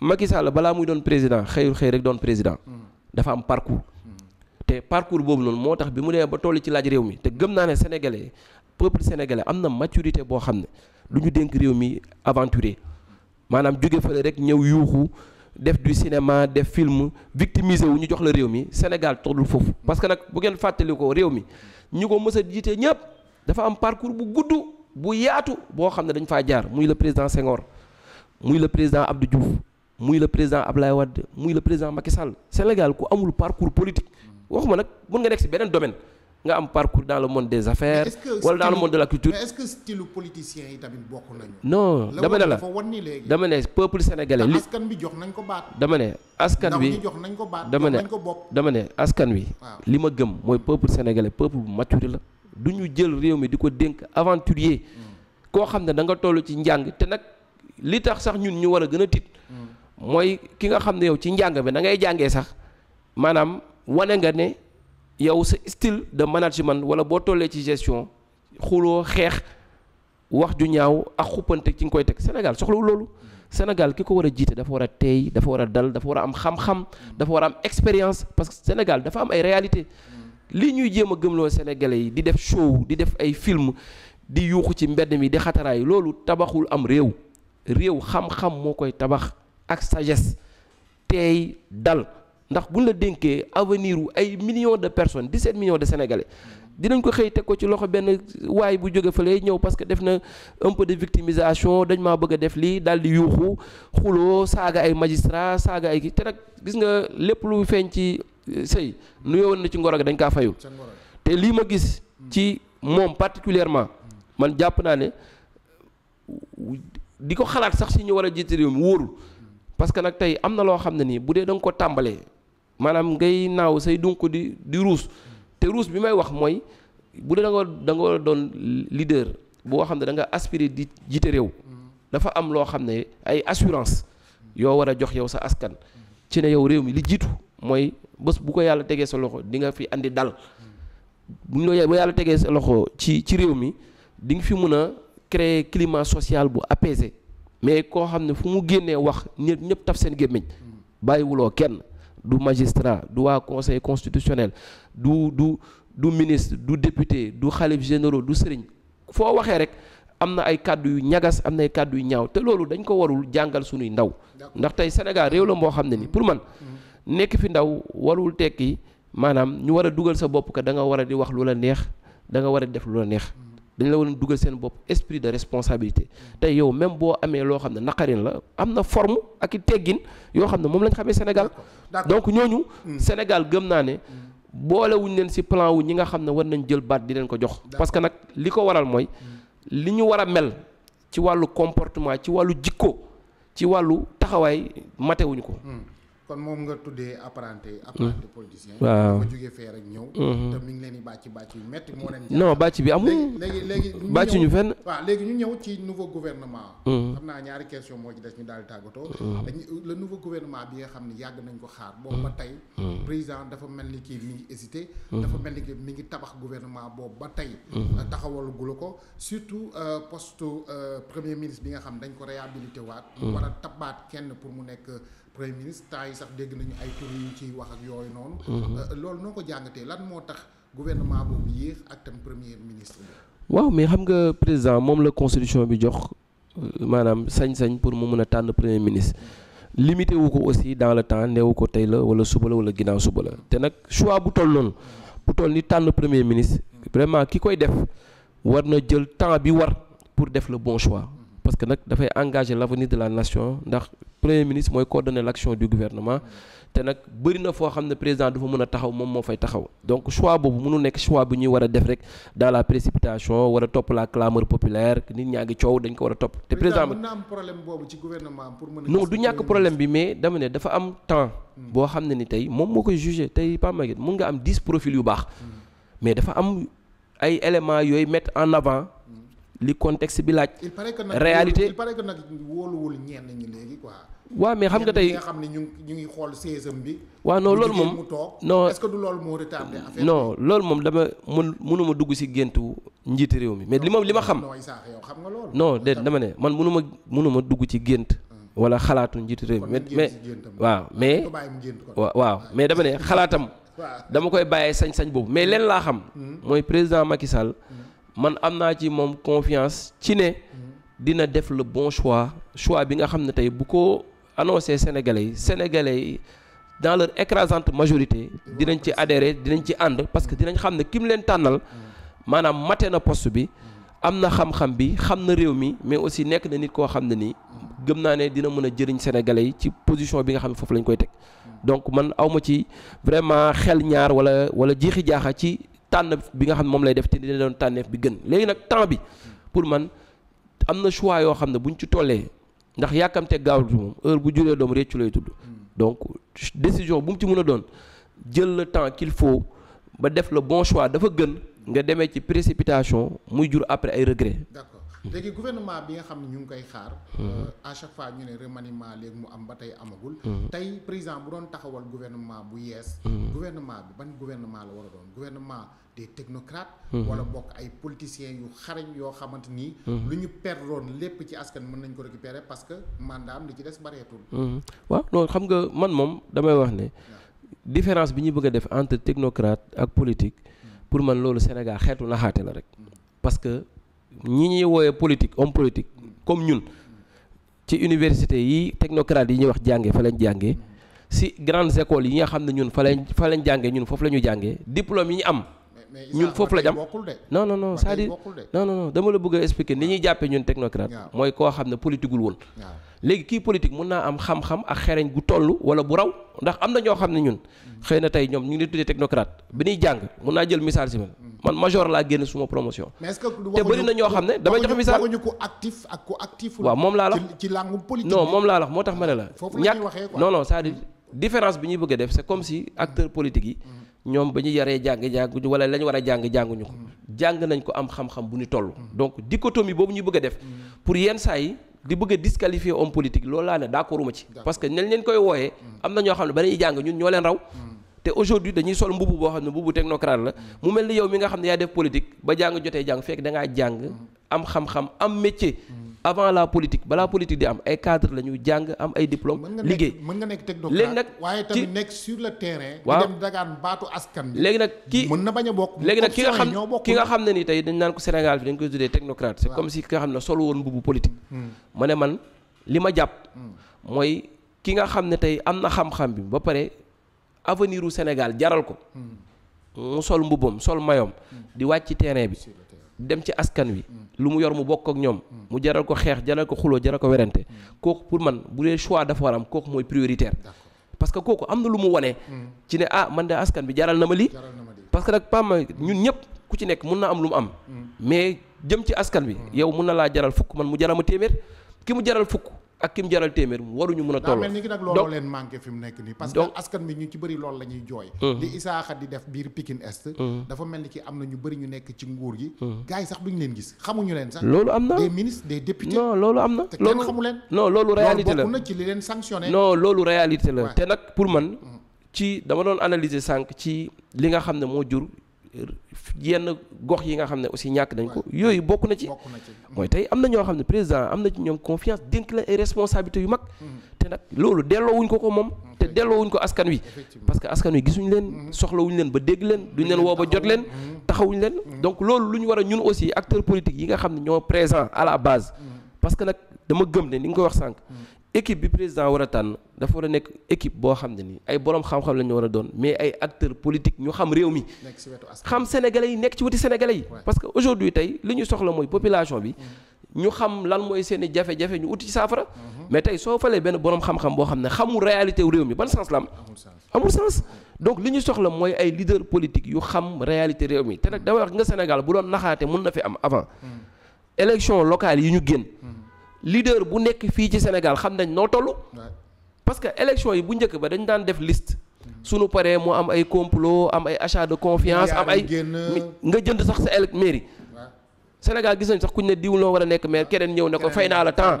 Macky Sall balaa muy doon président xëyul xëy rek doon président. Mm-hmm. dafa am parcours. Mm-hmm. te parcours boobu noonu moo tax bi mu dee ba toll ci laaj réew mi te gëm naa ne sénégalais peuple sénégalais am na maturité boo xam ne. lu ñu dénk réew mi aventuré maanaam jóge fële rek ñëw yuuxu def du cinéma def film victimisé wu ñu jox la réew mi Sénégal tollul foofu parce que nag bu ngeen fàttali ko réew mi ñu ko mës a jiite ñëpp dafa am parcours bu gudd bu yaatu boo xam ne dañu faa jaar muy le président Senghor muy le président Abdou Diouf muy le président Ablaye Wade muy le président Macky Sall Sénégal ku amul parcours politique waxuma nag mën nga nekk si beneen domaine nga am parcours dans le monde des affaires. wala dans le de la culture. mais est-ce que style politicien yi tamit bokk nañu. non dama ne la dama ne peuple sénégalais li askan bi jox nañ ko baat. dama ne askan wi jox nañ ko baat dama ne dama ne askan wi. li ma gëm mooy peuple sénégalais peuple bu mature la. du ñu jël réew mi di ko dénk aventurier. Hmm. koo xam ne da nga toll ci njàng te nag li tax sax ñun ñu war a gën a tiit. Hmm. mooy ki nga xam ne yow ci njàng bi da ngay jàngee sax maanaam wane nga ne. yow sa style de management wala boo tollee ci gestion xuloo xeex wax ju ñaaw ak xuppante ci nga koy teg Sénégal soxlawul loolu Sénégal ki ko war a jiite dafa war a teey dafa war a dal dafa war a am xam-xam dafa war am expérience parce que Sénégal dafa am ay réalité li ñuy jéem a gëmloo Sénégalais yi di def show di def ay film di yuuxu ci mbedd mi di xataraay loolu tabaxul am réew réew xam-xam moo koy tabax ak sagesse teey dal ndax bu ñu la dénkee avenir wu ay millions de personnes 17 millions de sénégalais dinañ ko xëy teg ko ci loxo benn waay bu jóge fële ñëw parce que def na un de victimisation dañ maa bëgg a def lii daal di yuuxu xuloo saaga ay magistrat saaga ay kii te nag gis nga lépp lu feeñ ci euh, sëy nuyoo woon na ci ngoro gi dañ kaa fayu te lii ma gis ci moom particulièrement mm. man jàpp naa ne di ko xalaat sax si ñu war a jiite wóorul mm. parce que nag tey am na loo xam ne nii bu dee da nga ko tàmbalee maanaam ngay naaw say dunq di di ruus te ruus bi may wax mooy bu dee da nga da nga doon leader boo xam ne da nga aspirer di jiite réew dafa am loo xam ne ay assurance yoo war a jox yow sa askan ci ne yow réew mi li jiitu mooy bés bu ko yàlla tegee sa loxo di nga fi andi dal bu ñu ba yàlla tegee sa loxo ci ci réew mi di nga fi mun a créer climat social bu apaisé mais koo xam ne fu mu génnee wax nit ñëpp taf seen gémmiñ bàyyiwuloo kenn du magistrat du waa conseil constitutionnel du du du ministre du député du xalif généraux du sëriñ foo waxee rek am na ay kàddu yu ñagas am na ay kàddu yu ñaaw te loolu dañ ko warul jàngal suñuy ndaw ndax tey Sénégal réew la moo xam ne nii pour man mm-hmm. nekk fi ndaw warul tekki maanaam ñu war a dugal sa bopp que da nga war a di wax lu la neex danga nga war a def lu la neex mm-hmm. dañu la waroon dugal seen bopp esprit de responsabilité tey yow même boo amee loo xam ne naqarin la am na forme ak i teggin yoo xam ne moom lañ xamee Sénégal donc ñooñu hmm. Sénégal gëm naa ne hmm. boolewuñ leen ci plan wu ñi nga xam ne war nañ jël baat di leen ko jox parce que nag li ko waral mooy hmm. li ñu war a mel ci wàllu comportement ci wàllu jikko ci wàllu taxawaay matewuñ ko kon moom nga tuddee apprenti mm. apprenti politicien waaw ko jógee fee rek ñëw mm-hmm. te mi ngi leen di bàcc bàcc yu metti moo leen non bàcc bi amul léegi léegi bàcc ñu fenn waaw léegi ñu ñëw ci nouveau gouvernement mm-hmm. xam naa ñaari question moo ci des ñu daal di tàggatoo mm-hmm. dañu le nouveau gouvernement bi nga xam ne yàgg nañ ko xaar boobu ba tey président dafa mel ni kii mi ngi hésité dafa mel ni kii mi ngi tabax gouvernement boobu ba tey euh, taxawal gula ko surtout euh, poste euh, premier ministre bi xam dañ ko réhabilité waat war kenn pour mu nekk premier ministre temps yi sax dégg nañu ay tur yu ciy wax ak yooyu noonu. Mhm. Euh, loolu noo ko jàngatee lan moo tax gouvernement boobu yéex ak tam premier ministre bi. waaw mais xam nga président moom la constitution bi jox euh, maanaam sañ-sañ pour mu mun a tànn premier ministre. limité wu ko aussi dans le temps neewu ko tey la wala suba la wala ginnaaw suba la te nag choix bu toll noonu bu toll ni tànn premier ministre. vraiment ki koy def war na jël temps bi war pour def le bon choix. parce que nag dafay engager l'avenir de la nation ndax premier ministre mooy coordonner l'action du gouvernement te nag bëri na foo xam ne président du fa mën a taxaw moom moo fay taxaw donc choix boobu mënu nekk choix bu ñu war a def rek dans la précipitation war a topp la clameur populaire nit ñaa ngi coow dañ ko war a topp. te président mën na am problème boobu ci gouvernement pour mën a non du ñàkk problème bi mais dama ne dafa am temps. Hmm. boo xam ne ni tey moom moo koy jugé tey Pape Maguette mun nga am dix profils yu baax. Hmm. mais dafa am ay éléments yooyu mettre en avant. li contexte bi laaj. réalité il paraît que nag wóoluwul ñenn ñi léegi quoi. waaw mais xam nga tey xam ne ñu ñu ngi xool saison bi. waaw non loolu moom non est-ce que loolu moo retardé affaire non loolu moom dama mun munuma dugg si géntu njiiti réew mi mais li moom li ma xam. non déet dama ne man munuma munuma dugg ci gént. Hmm. wala xalaatu njiiti réew mi mais waaw ah, mais waaw mais dama ne xalaatam. [LAUGHS] dama koy bàyyee sañ-sañ boobu mais hmm. leen laa xam. Hmm. mooy président Macky Sall. man am naa ci moom confiance ci ne dina def le bon choix choix bi nga xam ne tey bu ko annoncé sénégalais yi sénégalais yi dans leur écrasante majorité dinañ ci adhéré dinañ ci ànd parce que dinañ xam ne ki mu leen tànnal maanaam mate na poste bi am na xam-xam bi xam na réew mi mais aussi nekk na nit koo xam ne nii gëm naa ne dina mën a jëriñ sénégalais yi ci position bi nga xam ne foofu lañ koy teg donc man awma ci vraiment xel ñaar wala wala jiixi jaaxa ci tànn bi nga xam ne moom lay def te dina doon tànneef bi gën léegi nag temps bi pour man am na choix yoo xam ne bu buñ ci tollee ndax yàkkamte gaawul moom heure bu juree doom réccu lay tudd hmm. donc décision bu mu ci mën a doon jël le temps qu'il faut ba def le bon choix dafa gën nga demee ci précipitation muy jur après ay regret d'accord léegi gouvernement bi nga xam ne ñu ngi koy xaar. Hmm. Euh, à chaque fois ñu ne remaniement léegi mu am ba tey amagul. Hmm. tey par exemple doon taxawal gouvernement bu yees. gouvernement bi ban gouvernement la war doon gouvernement. des technocrates mhm. wala bokk ay politiciens yu xarañ yoo xamante nii mhm. lu ñu perdoon lépp ci askan mën nañ ko récupérer parce que mandaam li ci des bareetul mhm. waaw loolu xam nga man moom damay wax ne différence bi ñu bëgg a def entre technocrate ak politique mm. pour man loolu Sénégal xeetu naxaate la rek mm. parce que ñi ñuy woowee politique homme politique mm. comme ñun ci université yi technocrates yi ñu wax jànge fa lañ jàngee si grande écoles yi nga xam ne ñun fa lañ fa lañ jàngee ñun foofu la ñu jàngee diplôme yi ñu am ñun foofu la jam non non non c'est-à-dire non non dama la bëgg a expliquer ni ñuy jàppee ñun technocrate mooy koo xam ne politigul woon léegi kii politique mun naa am xam-xam ak xereñ gu toll wala bu raw ndax am na ñoo xam ne ñun mm-hmm. xëy na tey ñoom ñu ngi tuddee technocrate bi ñuy jàng mun naa jël misaal si man mm-hmm. man major laa génn suma promotion te bëri na ñoo xam ne damay joxe misaal waxuñu ko actif ak ko actif waaw moom laa la ci moom laa la moo tax ma ne la ñàkk non non c'est-à-dire différence bi ñuy bëgg a def c'est comme yi mm-hmm. ñoom ba ñu yaree jàng jànguñu wala lañ war a jàng jànguñu ko jàng nañ ko am xam-xam bu ñu toll donc dichotomie boobu ñu bëgg a def pour yenn saa yi di bëgg a disqualifier homme politique loolu laa ne d'accorduma ci parce que nañ leen koy wooyee am na ñoo xam ne ba ñuy jàng ñun ñoo leen raw te aujourd'hui dañuy sol mbubu boo xam ne mbubu technocrate la mu mel ni yow mi nga xam ne yaa def politique ba jàng jotee jàng fekk da ngaa jàng am xam-xam am métier avant la politique balaa politique di am ay cadre la ñuy jàng am ay diplôme liggéey mën nga nekk technocrate léegi nag waaye tamit nekk sur le terrain waaw dem dagaan askan léegi nag kii mën na bañ a bokk léegi nag ki nga xam ki nga xam ne ni tey dañ naan ko Sénégal bi dañ koy tuddee technocrate c'est comme si ki nga xam ne sol woon mbubu politique hmm. ma ne man li ma jàpp hmm. mooy ki nga xam ne tey am na xam-xam bi ba pare avenir u Sénégal jaral ko hmm. mu sol mbubam sol mayoom di wàcc terrain bi dem ci askan wi lu mu yor mu bokk ak ñoom mu jaral ko xeex jaral ko xuloo jaral ko werante kooku pour man bu dee choix dafa war am kooku mooy prioritaire parce que kooku am na lu mu wone mm. ci ne ah man de askan bi jaral na ma lii parce que nag pama ñun ñëpp ku ci nekk mun na am lu mu am mm. mais jëm ci askan bi mm. yow mun na laa jaral fukk man mu jaral ma téeméer ki mu jaral fukk ak kim jaral téeméer waruñu mën a tolloo mel ni ki nag looloo leen manqué fi mu nekk nii parce que askan bi ñu ci bëri loolu la ñuy jooy li Isaaxa di def biir Pikine Est dafa mel ni ki am na ñu bëri ñu nekk ci nguur gi gars yi sax duñu leen gis xamuñu leen sax loolu am na des ministres des députés non loolu am na te kenn xamu leen non loolu réalité la bokk na ci li leen sanctionné loolu réalité la te nag pour man ci dama doon analyser sànq ci li nga xam ne moo jur yenn gox yi nga xam ne aussi ñàkk nañ ko yooyu bokk na ci mm. mooy tey am na ñoo xam ne président am na ci ñoom confiance dénk la ay responsabilités yu mag mm. te nag loolu delloowuñ ko ko moom mm. te delloowuñ ko askan wi parce que askan wi gisuñ leen soxlawuñ leen ba dégg leen duñ leen woo ba jot leen taxawuñ leen donc loolu lu ñu war a ñun aussi acteurs politiques yi nga xam ne ñoo présent à la base parce que nag dama gëm ne ni nga koy wax sànq équipe bi président war a tànn dafa war a nekk équipe boo xam ne nii ay borom xam-xam la war a doon mais ay acteurs politiques ñu xam réew mi. xam sénégalais yi nekk ci wetu sénégalais yi. parce que aujourd'hui tey li ñu soxla mooy population bi. Mm-hmm. ñu xam lan mooy seen i jafe-jafe ñu uti ci saafara. Mm-hmm. mais tey soo falee benn borom xam-xam boo xam ne xamul réalité réew mi ban sens la am. amul sens donc li ñu soxla mooy ay leader politique yu xam réalité réew mi te nag dama wax nga Sénégal bu doon naxaate mun na fi am avant. Mm. élection yi ñu génn. Mm. leader bu nekk fii ci Sénégal xam nañ noo toll. parce que élection yi bu njëkk ba dañu daan def liste. suñu paree mu am ay complot am ay achat de confiance. am ay nga jënd sax sa élec mairie. Sénégal gis nañ sax kuñ ne diw loo war a nekk maire keneen ñëw ne ko fay naa la temps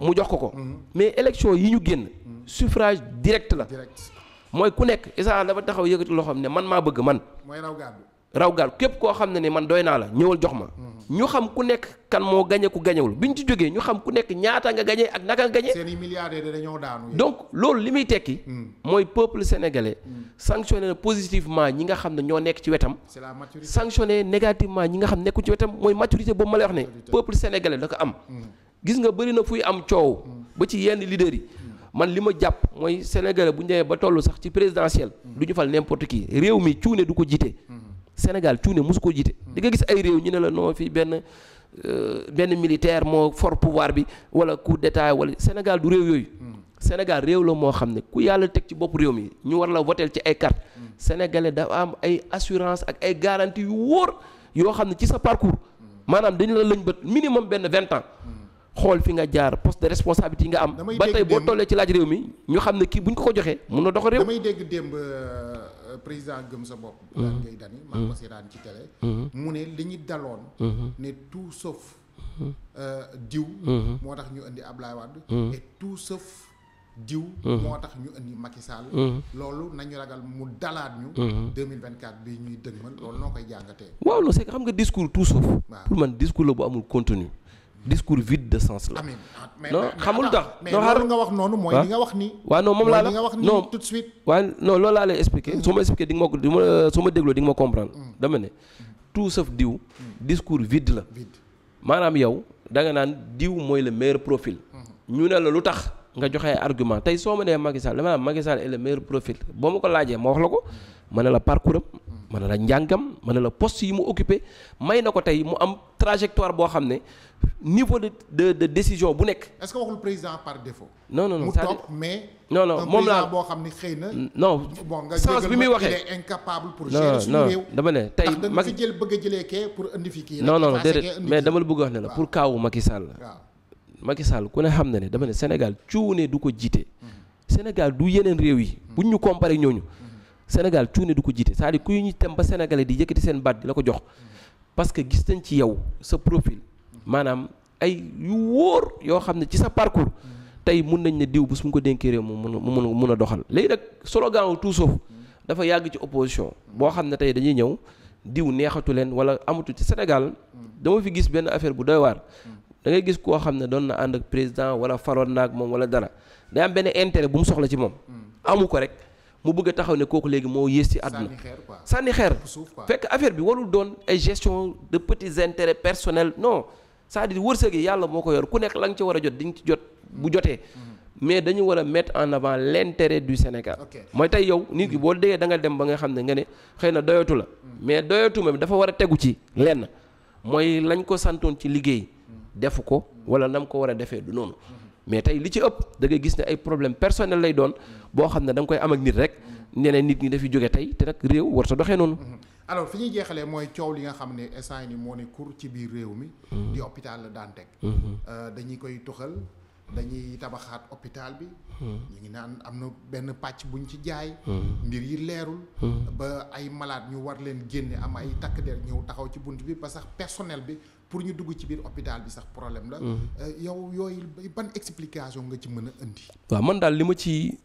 mu jox ko ko. mais élection yi ñu génn. Mm-hmm. suffrage direct la. mooy ku nekk Issa dafa taxaw yëkkati loxoom ne man maa bëgg man. mooy raw gàddu raw gaal képp koo xam ne ni man doy naa la ñëwal jox ma mm-hmm. ñu xam ku nekk kan moo gañe ku gañewul bi ñu ci jógee ñu xam ku nekk ñaata nga gañe ak naka nga gañe seen i milliardaires dañoo donc loolu li muy tekki mm. mooy peuple sénégalais mm. sanctionné positivement ñi nga xam ne ñoo nekk ci wetam sanctionné négativement ñi nga xam nekku ci wetam mooy maturité boobu ma lay wax ne peuple sénégalais da ko am mm. gis nga bëri na fuy am coow ba ci yenn leaders yi man li ma jàpp mooy sénégalais bu ñëwee ba toll sax ci présidentielle du ñu fal n'importe kii réew mi cuune du ko jiite Sénégal cuune mosu ko jiite. Hmm. di nga gis ay réew ñu ne la noo fi benn euh, benn militaire moo for pouvoir bi wala coup d'état wala Sénégal du réew yooyu. Hmm. Sénégal réew la moo xam ne ku yàlla teg ci bopp réew mi ñu war la votel ci ay carte hmm. sénégalais dafa am ay assurance ak ay garantie yu wóor yoo xam ne ci sa parcours maanaam dañu la lañ bët minimum benn vingt ans xool fi nga jaar poste de responsabilité yi nga am ba tey boo tollee ci laaj réew mi ñu xam ne kii bu ñu ko ko joxee mun na dox président gëm sa bopp. Mm-hmm. Bougane Gueye Dany maa ngi ko mm-hmm. seetaan ci télé. Mm-hmm. mu ne li ñu daloon. ne tout sauf. Euh, diw. moo tax ñu indi Ablaye Wade. et tout sauf diw. moo tax ñu indi Macky Sall. loolu nañu ragal mu dalaat ñu. 2024 bii ñuy dëgmal loolu noo koy jàngatee. waaw loolu c'est que xam nga discours tout sauf. pour man discours la bu amul contenu. discours vide de sens la. non xamul tax. non xaaral nga wax noonu mooy li nga wax nii. waaw non moom laa la wax non tout de suite. waaw non loolu laa lay expliquer mm. su ma expliquer di nga ma ko di ma dégloo di nga ma comprendre. Mm. dama ne tout sauf diw. Mm. discours vide la. maanaam yow da nga naan diw mooy le meilleur profil. Mm-hmm. ñu ne la lu tax nga joxe ay argument tey soo ma nee Macky Sall dama naan Macky Sall est le profil boo ma ko laajee ma wax la ko ma ne la parcours mën na la njàngam mën na la post yi mu occupé may na ko tey mu am trajectoire boo xam ne niveau de de de décision bu nekk. est-ce que waxul par défaut. non non non cest mais. non moom laa boo xam ne xëy na. non sens bi muy waxee il est incapable pour gérer suñu dama ne tey Macky jël bëgg a jëlee kee pour indi fi kii. non non déedéet mais dama la bëgg wax ne la pour kaawu Macky la waaw Macky Sall ku ne xam na ne dama ne Sénégal cuune du ko jiite. Mhm. Sénégal du yeneen réew yi. Mhm. buñ ñu comparé ñooñu. Mhm. Sénégal cuune du ko jiite c'est-à-dire ñu tem ba sénégalais di yëkkati seen baat di la ko jox parce que gis nañ ci yow sa profil maanaam ay yu wóor yoo xam ne ci sa parcours tey mun nañ ne diw bu su mu ko dénkee réew mu mun a mun a doxal léegi nag slogan wu tout sauf dafa yàgg ci opposition boo xam ne tey dañuy ñëw diw neexatu leen wala amatu ci Sénégal dama fi gis benn affaire bu doy waar da ngay gis koo xam ne doon na ànd ak président wala faroon naag moom wala dara day am benn intérêt bu mu soxla ci moom amu ko rek mu bëgg a taxaw ne kooku léegi moo yées ci àdduna sànni xeer fekk affaire bi warul doon ay gestion de petits intérêts personnels non saa à dire wërsëg yi yàlla moo ko yor ku nekk la nga ci war a jot di nga jot bu mm-hmm. jotee mm-hmm. mais dañu war a mettre en avant l'intérêt du Sénégal mooy tey yow nit ki mm-hmm. boo déggee da nga dem ba nga xam ne nga ne xëy na doyatu la mais doyatu bi dafa war a tegu ci lenn mooy lañ ko santoon ci liggéey defu ko wala nam ko war a defee du noonu mais tey li ci ëpp dangay gis ne ay problème personnel lay doon boo xam ne da koy am ak nit rek ñeneen nit ñi dafay jóge tey te nag réew war sa doxee noonu mm-hmm. alors fi ñuy jeexalee mooy coow li nga xam ne instant ni moo ne kur ci biir réew mi mm-hmm. di hôpital la daan teg dañuy koy toxal dañuy tabaxaat hôpital bi mm-hmm. ñu ngi naan am na benn pàcc buñ ci jaay mbir yi leerul ba ay malaat ñu war leen génne am ay takk der ñëw taxaw ci bunt bi ba sax personnel bi pour ñu dugg ci biir hôpital bi sax problème la. Mm-hmm. Euh, yow yooyu ban explication nga ci mën a indi. waaw man daal li ma ci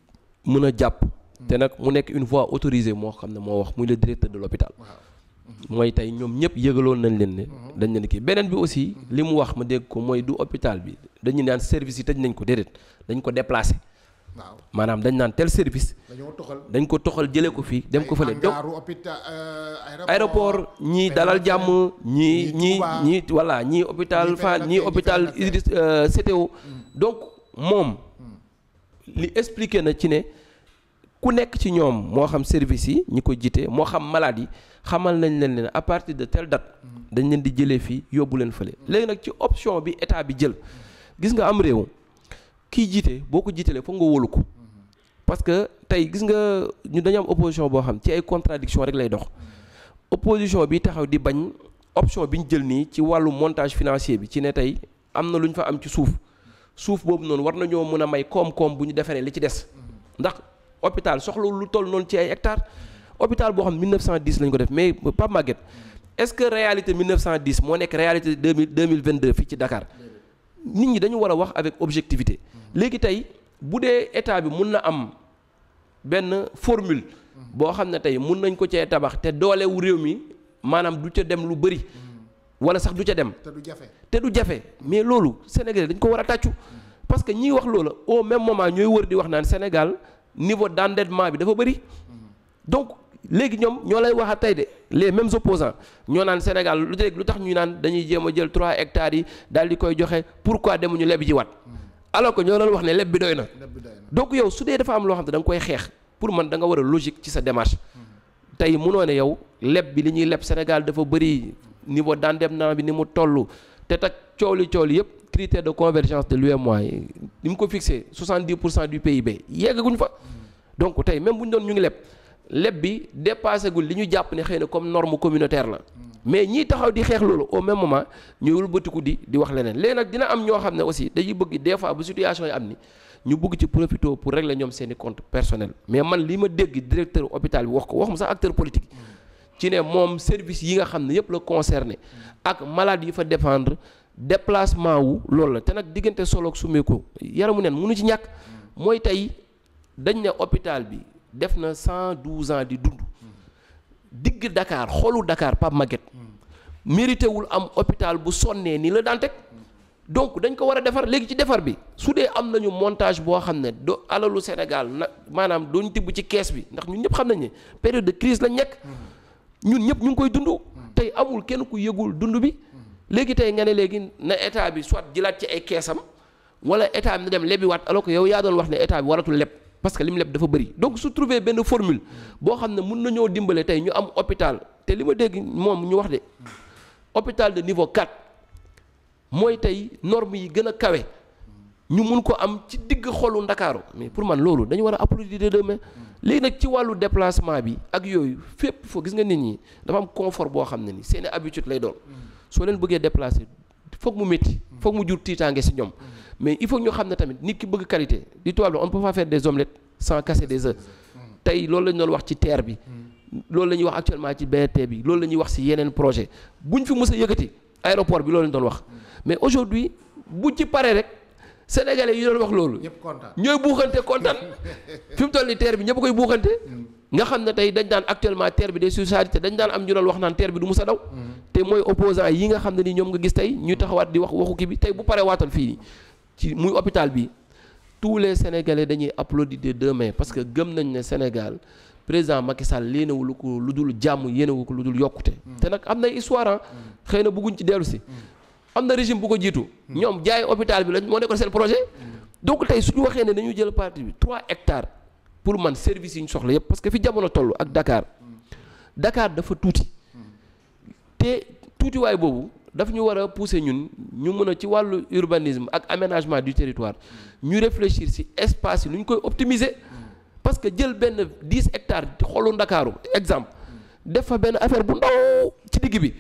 mën a jàpp. Mm. te nag mu nekk une voix autorisée moo xam ne moo wax muy le directeur de l'hôpital. Mm-hmm. mooy tey ñoom ñëpp yëgaloon nañ leen ne. Mm-hmm. dañ leen kii beneen bi aussi. li mu wax ma dégg ko mooy du hôpital bi dañu naan service yi tëj nañ ko déedéet dañ ko déplacé. maanaam dañ naan tel service. dañ ko toxal jëlee ko fii dem ko fële. donc euh, aéroport ñii dalal jàmm ñii ñii ñii voilà ñii hôpital Fann ñii hôpital Idriss euh, CTO. Mm. donc moom mm. li expliqué na ci ne ku nekk ci ñoom moo xam service yi ñi ko jiite moo xam malade yi xamal nañ leen leen à partir de telle date mm. dañ leen di jëlee fii yóbbu leen fële. léegi nag ci option bi état bi jël gis nga am réew. kii jiite boo ko jiitalee foog nga wóolu ko parce que tey gis nga ñu dañu am opposition boo xam ci ay contradiction rek lay dox opposition bi taxaw di bañ option bi ñu jël nii ci wàllu montage financier bi ci ne tey am na lu ñu fa am ci suuf suuf boobu noonu war nañoo mën a may koom-koom bu ñu defaree li ci des ndax hôpital soxla lu toll noonu ci ay hectares hôpital boo xam ne 1910 lañ ko def mais Pape Maguette est réalité 1910 moo nekk fii ci Dakar. nit ñi dañu war a wax avec objectivité léegi tey bu dee état bi mun na am benn formule boo xam ne tey mun nañ ko cee tabax te doolewu réew mi maanaam du ca dem lu bëri wala sax du ca dem te du jafe te du jafe mais loolu Sénégalais dañ ko war a tàccu parce que ñiy wax loolu au même moment ñooy wër di wax naan Sénégal niveau d'endettement bi dafa bëri mm-hmm. donc léegi ñoom ñoo lay waxaat tey de les mêmes opposants ñoo naan Sénégal lu léegi lu tax ñuy naan dañuy jéem a jël trois hectares yi daal di koy joxe pourquoi demuñu leb ji wat alors que ñoo doon wax ne leb bi dooy na donc yow su dee dafa am loo xam ne da koy xeex pour man da nga war a logique ci sa démarche mm-hmm. tey munoo ne yow leb bi li ñuy leb Sénégal dafa bëri niveau dem d'endettement bi ni mu toll te tak cooli cooli yëpp critère de convergence de l'UEMOA ni mu ko fixé 70 pour cent du PIB yeggaguñ fa mm-hmm. donc tey même bu doon ñu ngi leb leb bi dépassé gul li ñu jàpp ne xëy na comme norme communautaire la mais ñi taxaw di xeex loolu au même moment ñu wëlbatiku di di wax leneen léegi nag dina am ñoo xam ne aussi dañuy bëgg des fois bu situation yi am ni ñu bugg ci profité pour régler ñoom seeni compte personnel mais man li ma dégg directeur hôpital bi wax ko waxuma sax acteur politique ci ne moom service yi nga xam ne yëpp la concerné ak malade yi fa dépendre déplacement wu loolu la te nag diggante solo ak sumeeku yaramu neen mënu ci ñàkk mooy tey dañ ne hôpital bi def na cent douze ans di dund digg dakaar xolu dakaar Pape Maguette mérité wul am hôpital bu sonnee ni la Dantec donc dañ ko war a defar léegi ci defar bi su dee am nañu montage boo xam ne do alalu Sénégal na maanaam dooñ tibb ci kees bi ndax ñun ñëpp xam nañ ne période de crise lañ nekk ñun ñëpp ñu ngi koy dund tey amul kenn ku yëgul dund bi léegi tey nga ne léegi na état bi soit jëlaat ci ay keesam wala état bi na dem lebiwaat alors que yow yaa doon wax ne état waratul leb parce que li mu leb dafa bëri donc su trouver benn formule boo xam ne mun nañoo dimbale tey ñu am hôpital te li ma dégg moom ñu wax de hôpital de niveau 4 mooy tey normes yi gën a kawe ñu mun ko am ci digg xolu Ndakaaru mais pour man loolu dañu war a applaudir de demain léegi nag ci wàllu déplacement bi ak yooyu fépp foo gis nga nit ñi dafa am confort boo xam ne ni seeni habitude lay doon soo leen bëggee déplacer foog mu métti foog mu jur tiitaange si ñoom mais il faut ñu xam ne tamit nit ki bëgg qualité di toile bi on peut pas faire des omelettes sans casser des œufs tey loolu la ñu doon wax ci terre bi loolu la ñuy wax actuellement ci BRT bi loolu la ñuy wax si yeneen projet buñ fi mës a yëkkati bi loolu la ñu doon wax mais aujourd'hui bu ci paree rek sénégalais yi doon wax loolu ñooy buuxante kontaan [LAUGHS] fi mu toll nii terre bi ñëpp koy buuxante nga xam na tey dañ daan actuellement teer bi de des surchargé dañ daan am ñu doon wax naan terre bi du mus a daw mm-hmm. te mooy opposant yi nga xam ne ni ñoom nga gis tey ñuy taxawaat di wax waxu kii bi tey bu paree waatoon fii ci muy hôpital bi tous les sénégalais dañuy applaudir de deux mains parce que gëm nañ ne Sénégal président Macky Sall yéenewu ko lu dul jàmm yéenewu ko lu dul yokkute. Mm. te nag am na histoire ah. Mm. xëy na bëgguñ ci dellu si. Mm. am na régime bu ko jiitu. ñoom jaay hôpital bi lañ moo nekkoon seen projet. donc tey suñu waxee ne dañu jël partie bi trois hectares pour man service yi ñu soxla yëpp parce que fi jamono tollu ak dakaar dakaar dafa tuuti. te tuutiwaay boobu. daf ñu war a pousser ñun ñu mën a ci wàllu urbanisme ak aménagement du territoire ñu réfléchir ci espace yi nu ñu koy optimiser parce que jël benn dix hectares xoolu Ndakaaru exemple def fa benn affaire bu ndaw ci digg bi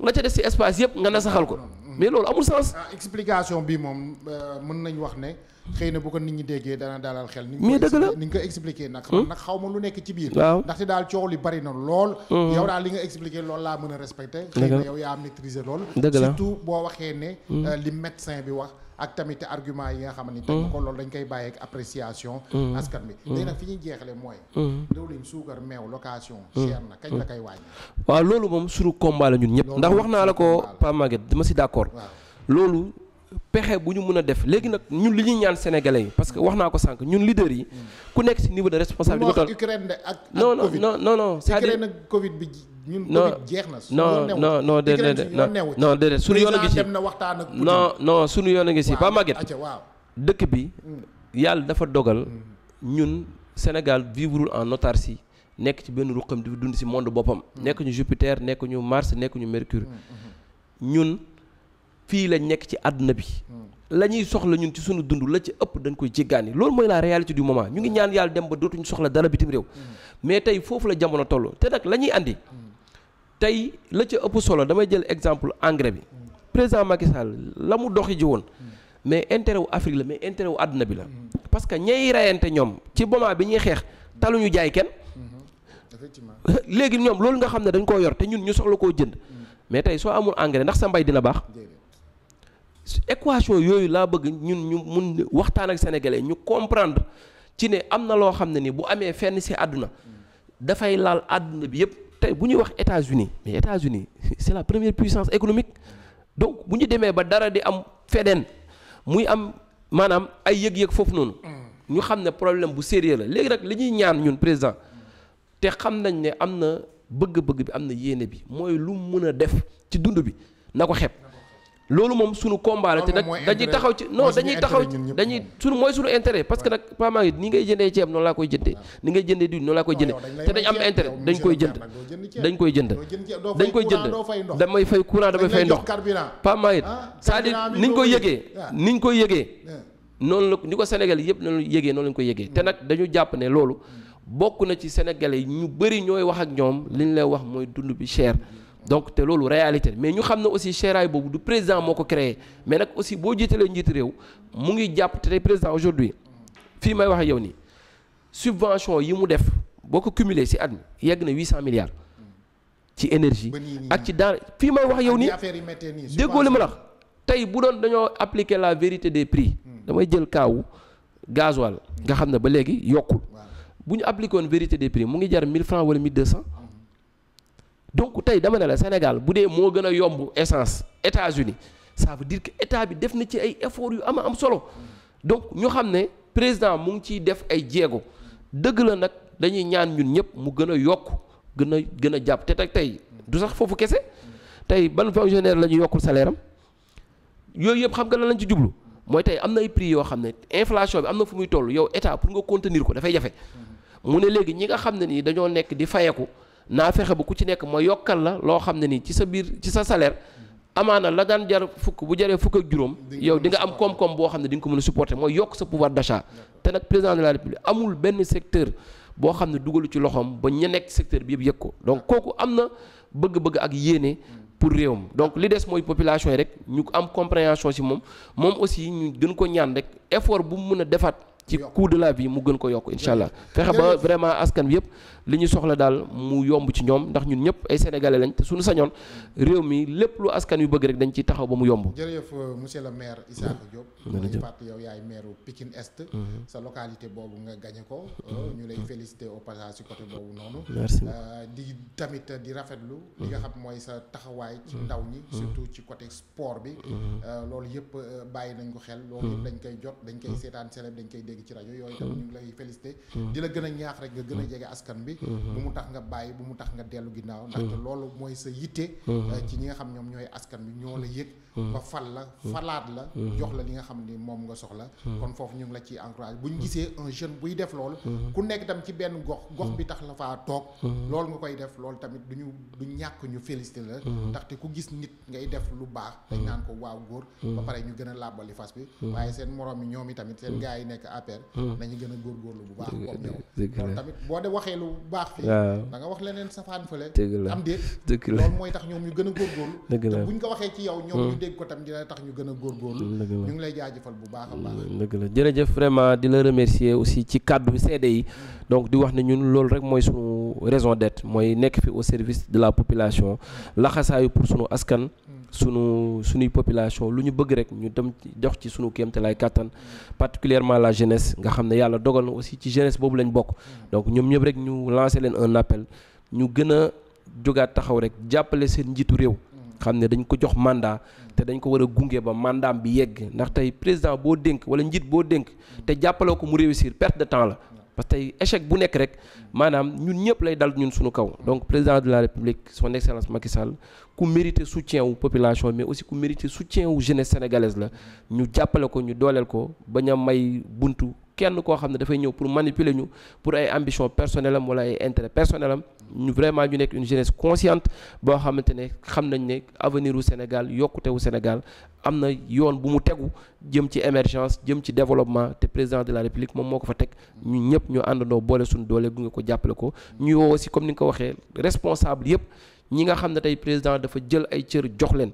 la ca des ci espace yëpp nga saxal ko mais loolu amul sens. Ah, explication bi moom euh, mën nañ wax ne. xëy na bu ko nit ñi déggee dana dalal xel. mais dëgg la ni nga ko expliqué nag. Hmm? nag xaw ma lu nekk ci biir. ndax ndaxte daal coow li bari na lool. Hmm. yow daal li nga expliqué loolu laa mën a respecté. xëy na yow yaa maîtriser lool. dëgg la surtout boo waxee ne. Hmm. Euh, li médecin bi wax. ak tamit argument yi nga xam ne. tamit hmm. loolu dañ koy bàyyi ak appréciation. Hmm. askan bi hmm. léegi nag fi ñuy jeexalee mooy. diwlin suukar meew location. cher na kañ la koy wàññi. waaw loolu moom suñu combat la ñun ñëpp. ndax wax naa la ko Pa Maguette dama si d' accord. loolu pexe bu ñu mën a def léegi nag ñun li ñu ñaan sénégalais yi parce que wax naa ko sànq ñun leader yi. ku nekk si niveau de responsabilité. non non non non c'est-à-dire Ukraine ak Covid bi. ñun no jeex na. non non non déedéet non non déedéet suñu yoon a ngi si non non suñu yoon a ngi si ba màgget dëkk bi mm. yàlla dafa dogal mm. ñun Sénégal vivre en autarcie nekk ci benn am difi dund si monde boppam. Mm. nekk ñu Jupiter nekk ñu Mars nekk ñu Mercure ñun fii lañ nekk ci àdduna bi. la ñuy soxla ñun ci suñu dund la ci ëpp dañ koy jéggaani loolu mooy la réalité du moment ñu ngi ñaan yàlla dem ba dootuñu soxla dara bitim réew. mais tey foofu la jamono toll te nag la ñuy andi. tey la ca ëpp solo damay jël exemple engrais bi président Macky la mu doxi ji woon mais intérêt wu Afrique la mais intérêt wu àdduna bi la parce que ñay reyante ñoom ci moment bi ñuy xeex ñu jaay kenn effectivement [LAUGHS] léegi ñoom loolu nga xam ne dañ ko yor te ñun ñu soxla koo jënd mais tey soo amul engrais ndax sa mbay dina baax équation yooyu laa bëgg ñun ñu mun waxtaan ak sénégalais ñu comprendre ci ne am na loo xam ne ni bu amee fenn si àdduna dafay laal àdduna bi yëpp tey bu ñuy wax États-Unis mais États-Unis [LAUGHS] c'est la première puissance économique donc bu ñu demee ba dara di am fedeen muy am maanaam ay yëg-yëg foofu noonu. Mm. ñu xam ne problème bu sérieux la léegi nag li ñuy ñaan ñun président te xam nañ ne am na bëgg-bëgg bi am na yéene bi mooy lu mën a def ci dund bi na ko xeeb. loolu moom sunu combat la te nag dañuy taxaw ci non dañuy taxaw ci dañuy sunu mooy sunu intérêt parce que nag pas mal ni ngay jëndee ceeb noonu laa koy jëndee ni ngay jëndee diw noonu laa koy jëndee te dañ am intérêt dañ koy jënd dañ koy jënd dañ koy jënd damay fay courant damay fay ndox pas mal cest à ni ah. niñ koy yëgee ñu koy yëgee noonu la ni ko Sénégal yëpp noonu yëgee noonu lañ koy yëgee te hmm. nag dañu jàpp ne loolu hmm. bokk na ci Sénégalais yi ñu bëri ñooy wax ak ñoom liñ lay wax mooy dund bi cher hmm. donc te loolu réalité mais ñu xam ne aussi séeraay boobu du président moo ko créé mais nag aussi boo jiitalee njiitu réew mu ngi jàpp te président aujourd'hui fii may wax yow nii subvention yi mu def boo ko cumulé si at mi yegg na huit cent milliards ci énergie ak ci daan fii may wax yow nii déggoo li ma la tey bu doon dañoo appliquer la vérité des prix hmm. damay jël kaawu gasoil nga xam ne ba léegi yokkul bu ñu appliqué woon vérité des prix mu ngi jar mille francs wala mille deux cents donc tey dama ne la Sénégal bu dee moo gën a yomb essence États-Unis ça veut dire que état bi def na ci ay efforts yu ama am solo donc ñu xam ne président mu ngi ciy def ay jéego dëgg la nag dañuy ñaan ñun ñëpp mu gën a yokk gën a gën a jàpp te tey du sax foofu kese tey ban fonctionnaire la ñu yokkul salaire am yooyu yëpp xam nga la lañ ci jublu mooy tey am na ay prix yoo xam ne inflation bi am na fu muy toll yow état pour nga contenir ko dafay jafe mu ne léegi ñi nga xam ne nii dañoo nekk di fayeku naa fexe ba ku ci nekk ma yokkal la loo xam ne nii ci sa biir ci sa salaire amaana la daan jar fukk bu jaree fukk ak juróom yow di nga am koom-koom boo xam ne di nga ko mën a supporter mooy yokk sa pouvoir d'achat te nag président de amul benn secteur boo xam ne dugalu ci loxoom ba ña nekk secteur bi yëpp yëg ko donc kooku am na bëgg-bëgg ak yéene pour réewam donc li des mooy population yi rek ñu am compréhension ci moom moom aussi ñu gën ko ñaan rek effort bu mu mën a defaat ci coût de la vie mu gën ko yokk incha allah fexe ba vraiment askan bi yëpp li ñu soxla daal mu yomb ci ñoom ndax ñun ñëpp ay sénégalais lañ suñu sañoon réew mi lépp lu askan yu bëgg rek dañ ciy taxaw ba mu yomb. jërëjëf euh, monsieur le maire Issakha Diop. jërëjëf fàttali yow yaay maire Pikine Est. Mhm. sa localité boobu nga gagné ko. Mhm. Euh, ñu lay félicité au passage ci côté boobu noonu. Euh, di tamit di rafetlu. li nga mhm. xam mooy sa taxawaay. ci ndaw ñi surtout ci côté sport bi. loolu yëpp bàyyi nañ ko xel. loolu dañ koy jot dañ koy seetaan célèbre dañ koy dégg ci rajo yooyu hmm. tam ñu lay félicité hmm. di la gën a ñaax rek nga gën a hmm. jege askan bi bu mu tax nga bàyyi bu mu tax nga dellu ginnaaw ndaxte loolu mooy sa yitte ci ñi nga xam ñoom ñooy askan bi ñoo la yëg Mm. ba fal la mm. falaat la mm. jox la li nga xam ni moom nga soxla kon foofu ñu ngi la ciy encouragé bu ñu gisee un jeune buy def loolu ku nekk tam ci benn gox gox bi tax la faa toog loolu nga koy def loolu tamit du ñu du ñàkk ñu félicité la ndaxte ku gis nit ngay def lu baax dañ naan ko waaw góor ba pare ñu gën a làbbali fas bi waaye seen morom yi ñoom i tamit seen gars yi nekk APR nañu gën a góorgóorlu bu baax comme ñoom loolu tamit de waxee lu baax fii da nga wax leneen safaan fële am déet tax ñoom gën a waxee ci yow ñoom ñu dégg ko tax ñu gën a góorgóorlu ñu ngi lay jaajëfal bu baax a baax mm, dëgg la jërëjëf vraiment di la remercier aussi ci kàddu seede yi donc di wax ne ñun loolu rek mooy suñu raison d'être mooy nekk fi au service de la population laxasaayu pour suñu askan mm. sunu sunuy population lu ñu bëgg rek ñu dem jox ci sunu kéemte lay kàttan mm. particulièrement la jeunesse nga xam ne yàlla dogal na aussi ci jeunesse boobu lañ bokk donc ñoom ñëpp rek ñu lancé leen un appel ñu gën a jógaat taxaw rek jàppale seen njiitu réew xam ne dañ ko jox mandat te dañ ko war a gunge ba mandat bi yegg ndax tey président boo dénk wala njiit boo dénk te jàppaloo ko mu réussir perte de temps la parce que échec bu nekk rek maanaam ñun ñëpp lay dal ñun suñu kaw donc président de la république son excellence Macky Sall ku mérite soutien wu population mais aussi ku mérite soutien wu jeunesse sénégalaise la ñu jàppale ko ñu dooleel ko bañ a may buntu kenn koo xam ne dafay ñëw pour manipuler ñu pour ay ambition personnelle am wala ay intérêt personnel am ñu vraiment ñu nekk une jeunesse consciente boo xamante ne xam nañ ne avenir wu Sénégal yokkute wu Sénégal am na yoon bu mu tegu jëm ci émergence jëm ci développement te président de la République moom moo ko fa teg ñu ñëpp ñu àndandoo boole suñu doole gunge ko jàppale ko ñu woo aussi comme ni nga ko waxee responsable yëpp ñi nga xam ne tey président dafa jël ay cër jox leen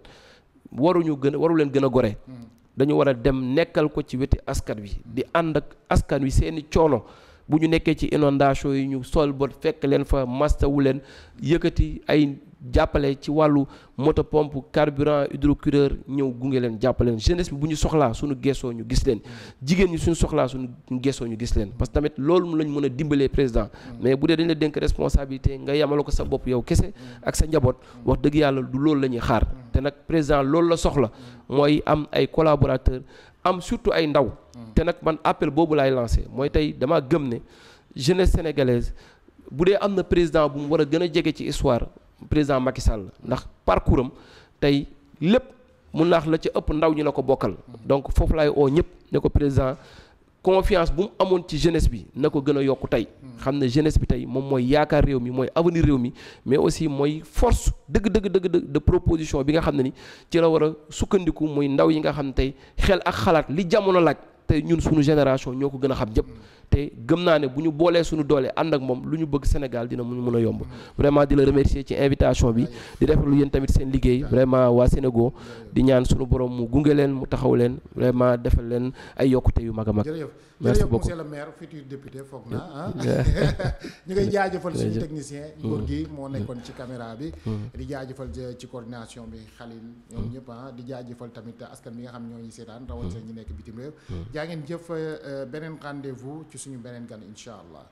waruñu gën waru leen gën a gore hmm. dañu war a dem nekkal ko ci weti askan wi di ànd ak askan wi seeni coolo bu ñu nekkee ci inondation yi ñu sol fekk leen fa wu leen yëkkati ay jàppale ci wàllu moto pompe carburant hydrocureur ñëw gu gunge leen jàppale leen jeunesse bi bu ñu soxlaa suñu geesoo ñu gis leen jigéen ñi suñu soxlaa suñu geesoo ñu gis leen parce que tamit loolu lañ mën a dimbalee président mm. mais bu dee dañ la dénk responsabilité nga yamala ko sa bopp yow kese ak sa njaboot mm. wax dëgg yàlla du loolu la ñuy xaar mm. te nag président loolu la soxla mooy am ay collaborateurs am surtout ay ndaw te nag man appel boobu laay lancé mooy tey damaa gëm ne jeunesse sénégalaise bu dee am na président bu mu war a gën a jege ci histoire président Macky la ndax parcours am tey lépp mu naax la ci ëpp ndaw ñi la ko bokkal. donc foofu lay oo ñëpp ne ko président confiance bu amoon ci jeunesse bi na ko gën a yokku tey. xam ne jeunesse bi tey moom mooy yaakaar réew mi mooy avenir réew mi mais aussi mooy force dëgg dëgg dëgg de proposition bi nga xam ne ni ci la war a sukkandiku muy ndaw yi nga xam ne tey xel ak xalaat li jamono laaj tey ñun suñu génération ñoo ko gën a xam jëpp. te gëm naa ne bu ñu boolee suñu doolee ànd ak moom lu ñu bëgg Sénégal dina mun a yomb vraiment di la remercier ci invitation bi di rafetlu yéen tamit seen liggéey vraiment waa Sénégal di ñaan suñu borom mu gunge leen mu taxaw leen vraiment defal leen ay yokkute yu mag a mag merci beaucoup monsieur le maire futur député foog naa [LAUGHS] ah. [LAUGHS] ñu ngay jaajëfal suñu technicien góor gi ci caméra bi mm. Mm. di jaajëfal ci coordination bi Khalil ñoom mm. ñëpp ah di jaajëfal tamit askan bi nga xam ñooñu seetaan rawatina ñu nekk bitim réew jaa ngeen jëf euh, euh, beneen rendez ci suñu beneen gan incha allah